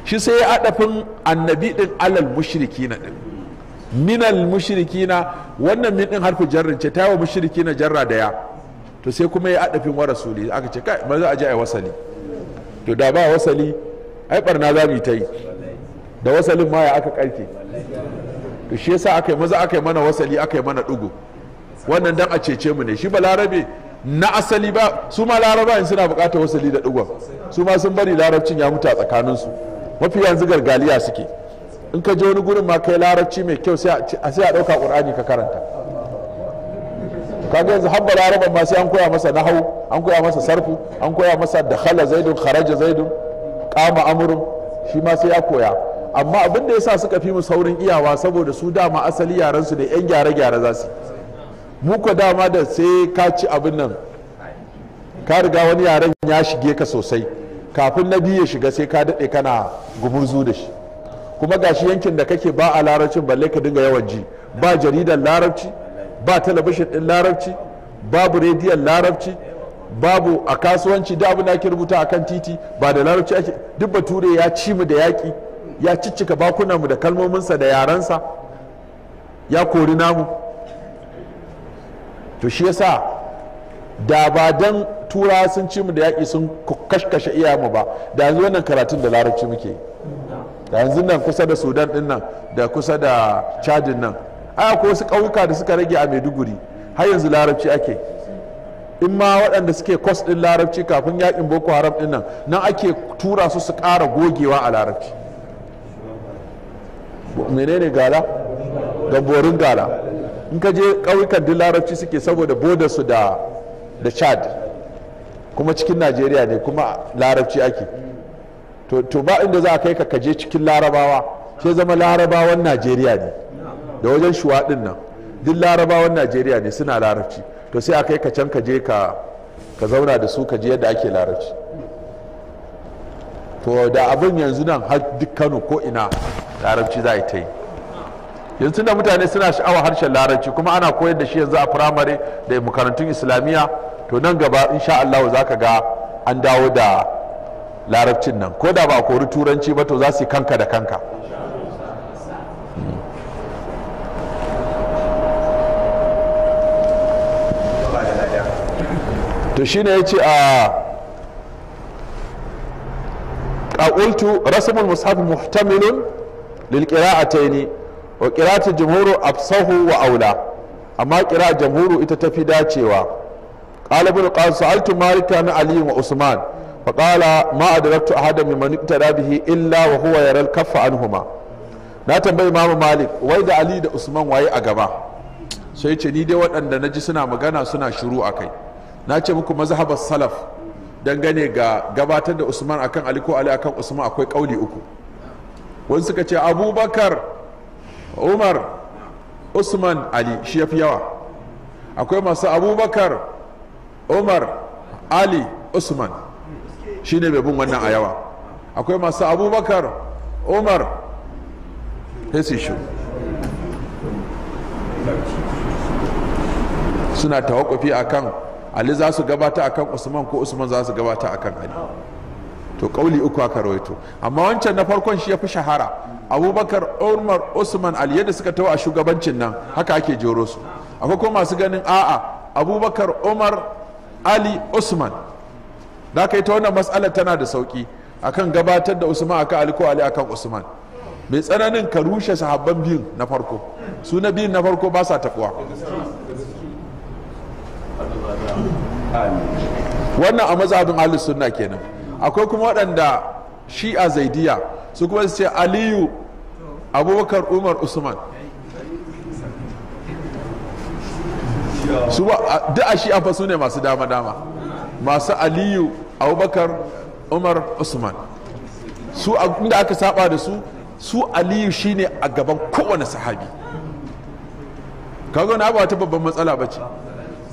shi sai adafin annabi din alal mushrikina din minal mushrikina wannan min din harfu jarrin ce tawa mushrikina jarra da ya to sai kuma ya adafin wa rasulihi aka ce kai a aje ai wasali to da ba wasali ai barna za mu yi ta yi da wasalin ma ya aka karke to shi yasa aka yi maza aka yi mana wasali aka yi mana ɗugu wannan dan a cece mu ne shi ba larabe na asali ba su ma laraba in suna bukatar wasali da ɗugon su ma sun bari larabcin ya mutu a tsakanin su mafi yanzu gargaliya suke in ka je wani gurin ma kai larabci mai kyau sai a ɗauka qur'ani ka karanta kaga yanzu habba laraban ma sai an koya masa nahau an koya masa sarfu an koya masa dakhala zaidun kharaja zaidun qama amrun shi ma sai ya koya amma abin da yasa suka fi mu saurin iyawa saboda su dama asali yaran su da yan gyare gyare za su mu ko dama da sai ka ci abin nan ka riga wani yaren ya shige ka sosai kafin na biyu ya shiga sai ka daɗe kana gumurzu da shi kuma gashi yankin da kake ba a larabcin balle ka dinga yawan ji ba jaridar larabci ba talabishin ɗin larabci babu rediyon larabci babu a kasuwanci da abin da ake rubuta akan titi ba da larabci ake duk bature ya ci mu da yaƙi ya ciccika bakunanmu da kalmominsa da yarensa ya kori namu to shi yasa da ba don tura sun ci mu da yaƙi sun kashkashe iyamu ba da yanzu wannan karatun da larabci muke da yanzu nan kusa da sudan din nan da kusa da chadin nan aya ko wasu ƙauyuka da suka rage a maiduguri har yanzu larabci ake in ma waɗanda suke kwas ɗin larabci kafin yaƙin boko haram ɗin nan nan ake tura su su ƙara gogewa a larabci menene gala gaborin gala in ka je ƙauyukan duk larabci suke saboda bodar su da da chad kuma cikin najeriya ne kuma larabci ake to, to ba inda za a kai ka je cikin larabawa sai zama larabawan najeriya ne da wajen shuwaɗin nan duk larabawan najeriya ne suna larabci to sai a kai ka can ka je ka zauna da su ka je yadda ake larabci to da abin yanzu nan har duk kano ko ina larabci za a yi ta yi yanzu da mutane suna sha'awa harshen larabci kuma ana koyar da shi yanzu a firamare da makarantun islamiyya to nan gaba insha Allah za ka ga an dawo da larabcin nan ko da ba kori turanci ba to za su yi kanka da kanka to shine ya ce a ah, قلت رسم المصحف محتمل للقراءتين وقراءة الجمهور أفصه وأولى أما قراءة الجمهور إتتفي داتشيوا قال ابن قال سألت مالك عن علي وعثمان فقال ما أدركت أحدا ممن اقتدى به إلا وهو يرى الكف عنهما na tambayi imamu malik wai da ali da usman waye a gaba sai ce ni dai waɗanda na ji suna magana suna shiru a kai na ce muku mazhabar salaf dangane ga gabatar da usman akan ali ko ali akan usman akwai kauli uku wani suka ce abubakar umar usman ali shi ya fi yawa akwai masu abubakar umar ali usman shi ne bin wannan a yawa akwai masu abubakar umar hesishu suna tawakufi akan ali za su gabata akan usman ko usman za su gabata akan ali to kauli uku aka rawaito amma wancan na farkon shi ya fi shahara abubakar umar usman ali yadda suka tawa a shugabancin nan haka ake jero su akwai kuma masu ganin a'a abubakar umar ali usman da aka yi ta wannan matsalar tana da sauki akan gabatar da usman akan ali ko ali akan usman mai tsananin ka rushe sahabban biyun na farko su na biyun na farko ba sa takuwa wannan a mazhabin ahlus sunna kenan akwai kuma waɗanda shi'a zaidiya su kuma ce aliyu abubakar umar usman su ba duk a shi'a fa su ne masu dama dama masu aliyu abubakar umar usman su inda aka saba da su su aliyu shine a gaban kowane sahabi kaga na ba ta babban matsala ba ce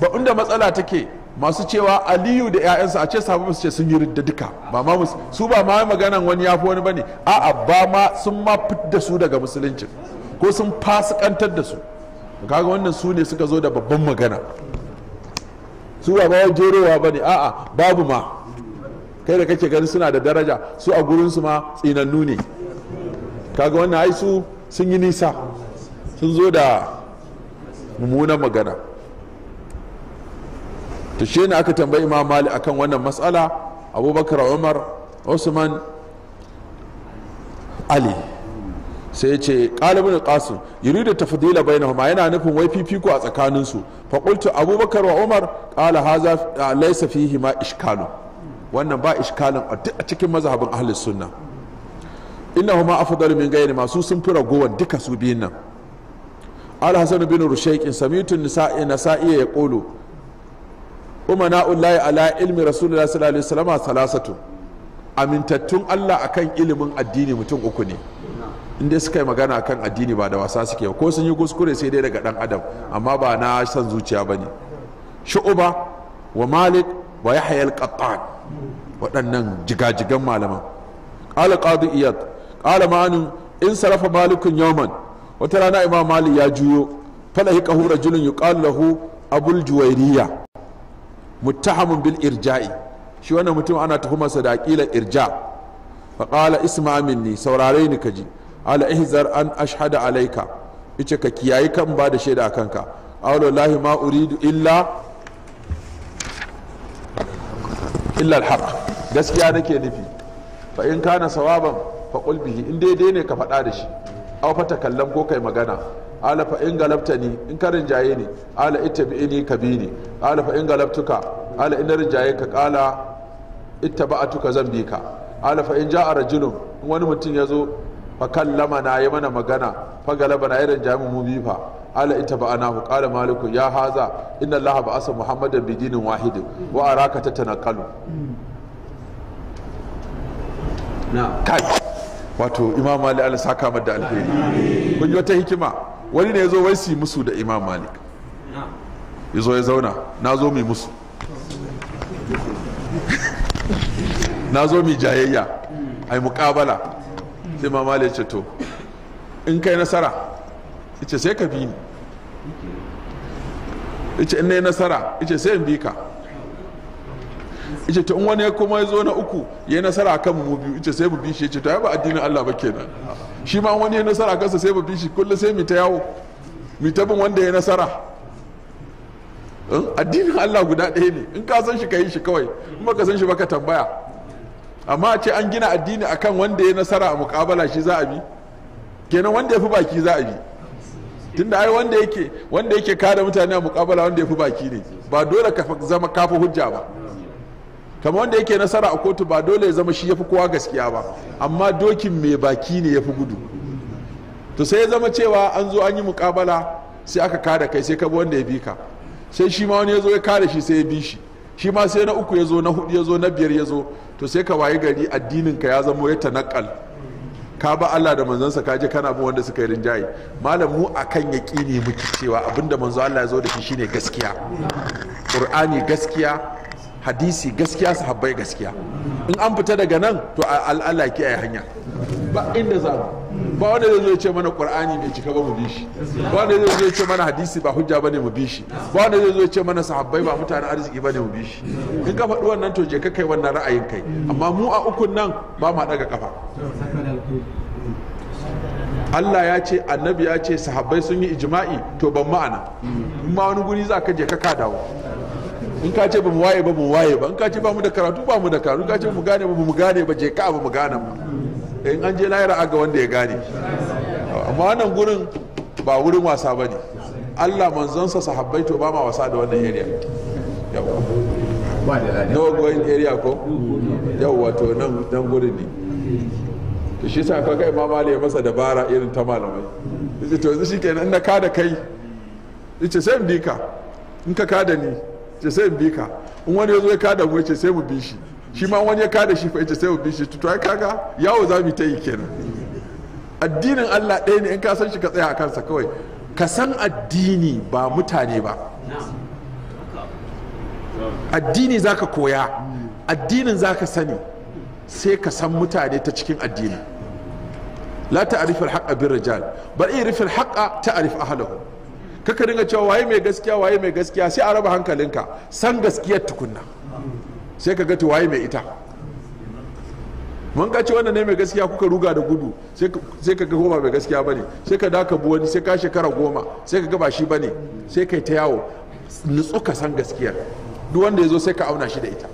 ba inda matsala take masu cewa aliyu da 'ya'yansa a ce sahabu su ce sun yi ridda duka ba ma su ba ma maganan wani yafi wani bane a'a ba ma sun ma da su daga musuluncin ko sun fasikantar da su kaga wannan su ne suka zo da babban magana su ba ma jerowa bane a'a babu ma kai da kake gani suna da daraja su a gurin su ma tsinannu ne kaga wannan ai su sun yi nisa sun zo da mummunan magana to shi ne aka tambayi imam mali akan wannan matsala abubakar umar usman ali sai ce kalibin ƙasun yuri da tafadila bai yana nufin wai fifiko a tsakaninsu faƙultu abubakar wa umar ƙala haza laisa fihi ma ishkalun wannan ba ishkalin a cikin mazhabin ahlus sunna inna huma afdalu min ghairi masu sun fi ragowar duka su biyun nan al hasan bin rushayk samitu nasa'i ya kolo. umana ullahi ala ilmi rasulullah sallallahu alaihi wasallam salasatu amintattun Allah akan ilimin addini mutum uku ne inda suka magana kan addini ba da wasa suke ko sun yi kuskure sai dai daga dan adam amma ba na san zuciya ba ne shu'uba wa malik wa yahya al-qattan waɗannan jigajigan malaman qala qadi iyad qala ma'anu in sarafa malikun yawman wata rana imam malik ya juyo fala hikahu rajulun yuqalu lahu abul juwairiya muttahamun bil irja'i shi wannan mutum ana tuhumarsa da aqila irja fa qala isma minni saurare ni kaji ala ihzar an ashhada alayka yace ka kiyayi kan ba da shaida kanka awla lahi ma uridu illa illa alhaq gaskiya nake nufi fa in kana sawaban fa qul bihi in daidai ne ka faɗa da shi aw fa takallam ko kai magana ala fa in galabta ni in ka rinjaye ni ala bi ni ala fa in galabtuka ala in rinjaye ka kala ita ba atuka zan bi ka ala fa in ja'a in wani mutum ya zo fa kallama na yi mana magana fa galaba na irin jami mu bi fa ala ita ba anahu kala maliku ya haza inna allaha asa muhammadan bi dinin wahidin wa araka tatanakalu na kai wato imam ali al saka da alheri kun yi wata hikima wani ne ya zo wai su musu da imam malik ya zo ya zauna na zo mai musu na zo mai jayayya ai mukabala sai imam malik ce to in kai nasara ya ce sai ka bi ni ya ce in na yi nasara ya ce sai in bi ka ita ta wani ya kuma ya zo na uku ya yi nasara kan mu biyu ita sai mu bi shi ya ce ta yaba addinin Allah ba kenan shi ma wani ya nasara kansa sai bi shi kullum sai mita ta yawo mita ta bin wanda ya nasara eh, addinin Allah guda ɗaya ne in ka san shi ka yi shi kawai in baka san shi baka tambaya amma a ce an gina addini akan wanda ya nasara a mukabala shi za a bi kenan wanda ya fi baki za a bi tunda ai wanda yake wanda yake kada mutane a mukabala wanda ya fi baki ne ba dole ka zama kafa hujja ba kamar wanda yake nasara a kotu ba dole ya zama shi ya fi kowa gaskiya ba amma dokin mai baki ne ya fi gudu to sai ya zama cewa an zo an yi mukabala sai aka kada kai sai ka bi wanda ya bi ka sai shi ma wani ya zo ya kada shi sai ya bi shi shi ma sai na uku ya zo na hudu ya zo na biyar ya zo to sai ka wayi gari addinin ka ya zama ya tanakal ka ba Allah da manzansa ka je kana bin wanda suka yi rinjaye malam mu akan yaqini muke cewa abinda manzo Allah ya zo da shi shine gaskiya qur'ani gaskiya hadisi gaskiya sahabbai gaskiya in an fita daga nan to al'ala ki ayi hanya ba inda za mu ba wanda zai zo ce mana qur'ani bai cika ba mu bi shi ba wanda zai zo ce mana hadisi ba hujja bane mu bi shi ba wanda zai zo ce mana sahabbai ba mutanen arziki bane mu bi shi in ka faɗi wannan to je ka kai wannan ra'ayin kai amma mu a ukun nan ba ma daga kafa Allah ya ce annabi ya ce sahabbai sun yi ijma'i to ban ma'ana ma wani guri za ka je ka ka dawo in ka ce ba mu waye ba mu waye ba in ka ce ba mu da karatu ba mu da karatu in ka ce mu gane ba mu gane ba je ka ba mu gane ba eh, in an je lahira aga wanda ya gane amma wannan gurin ba wurin wasa ba ne allah manzonsa sahabbai to ba ma wasa da wannan area no going area ko yawwa to nan gurin ne to shi sa kaga imam ali ya masa dabara irin ta malamai yace to yanzu shikenan in na kada kai yace sai in in ka kada ni ce sai in bi ka in wani ya zo ya kada mu ce sai mu bi shi shi ma wani ya kada shi fa ce sai mu bi shi to ai kaga yawo za mu ta yi kenan addinin Allah ɗaya ne in ka san shi ka tsaya a kansa kawai ka san addini ba mutane ba addini za ka koya addinin za ka sani sai ka san mutane ta cikin addini la al haqqa bir rijal bal al haqqa ta'rifu ahlahu kaka dinga cewa waye mai gaskiya waye mai gaskiya sai a raba hankalinka san gaskiyar tukunna sai ka gata waye mai ita mun ka ce wannan ne mai gaskiya kuka ruga da gudu sai ka goma mai gaskiya bane sai ka daka bu wani sai ka shekara goma sai ka gaba shi bane sai kai ta yawo nutsu ka san gaskiyar duk wanda ya zo sai ka auna shi da ita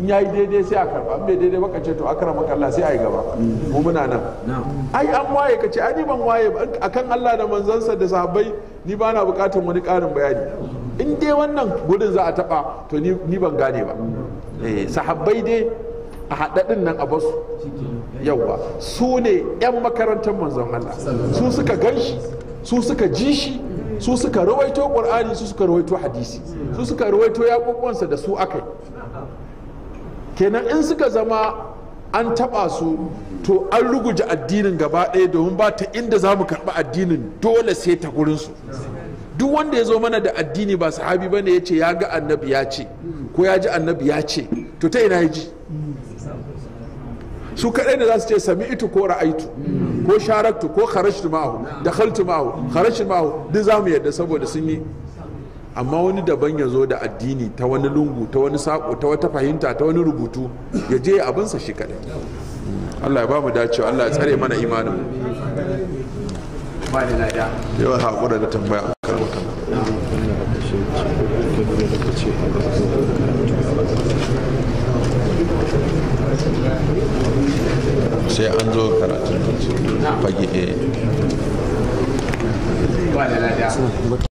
in ya yi daidai sai a karba in bai daidai baka ce to akrama Allah sai a yi gaba mu muna nan ai an waye ka ce ai ban waye akan Allah da manzansa da sahabbai ni ba na bukatar wani karin bayani in dai wannan gudun za a taba to ni ban gane ba eh. sahabbai dai a haɗaɗin nan a basu yauwa su ne 'yan makarantar manzon Allah su suka gan su suka ji shi su suka rawaito ƙur'ani su suka rawaito hadisi su suka rawaito yaƙoƙonsa da su aka yi kenan in suka zama an taɓa su to an ruguje addinin gaba ɗaya domin ba ta inda za mu karɓi addinin dole sai ta gurinsu duk wanda ya zo mana da addini ba sahabi ba ne ya ce ya ga annabi ya ce ko ya ji annabi ya ce to ta ina ya ji su kaɗai da za su ce sami itu ko ra'aitu ko sharaktu ko kharashtu ma'ahu da khaltu ma'ahu kharashtu ma'ahu duk za mu yadda saboda sun yi amma wani daban ya zo da addini ta wani lungu ta wani sako ta wata fahimta ta wani rubutu ya je abinsa shi kadai Allah ya ba mu dacewa Allah ya tsare mana imanin yawa haƙura da tambaya a kan wata sai an zo karatun fage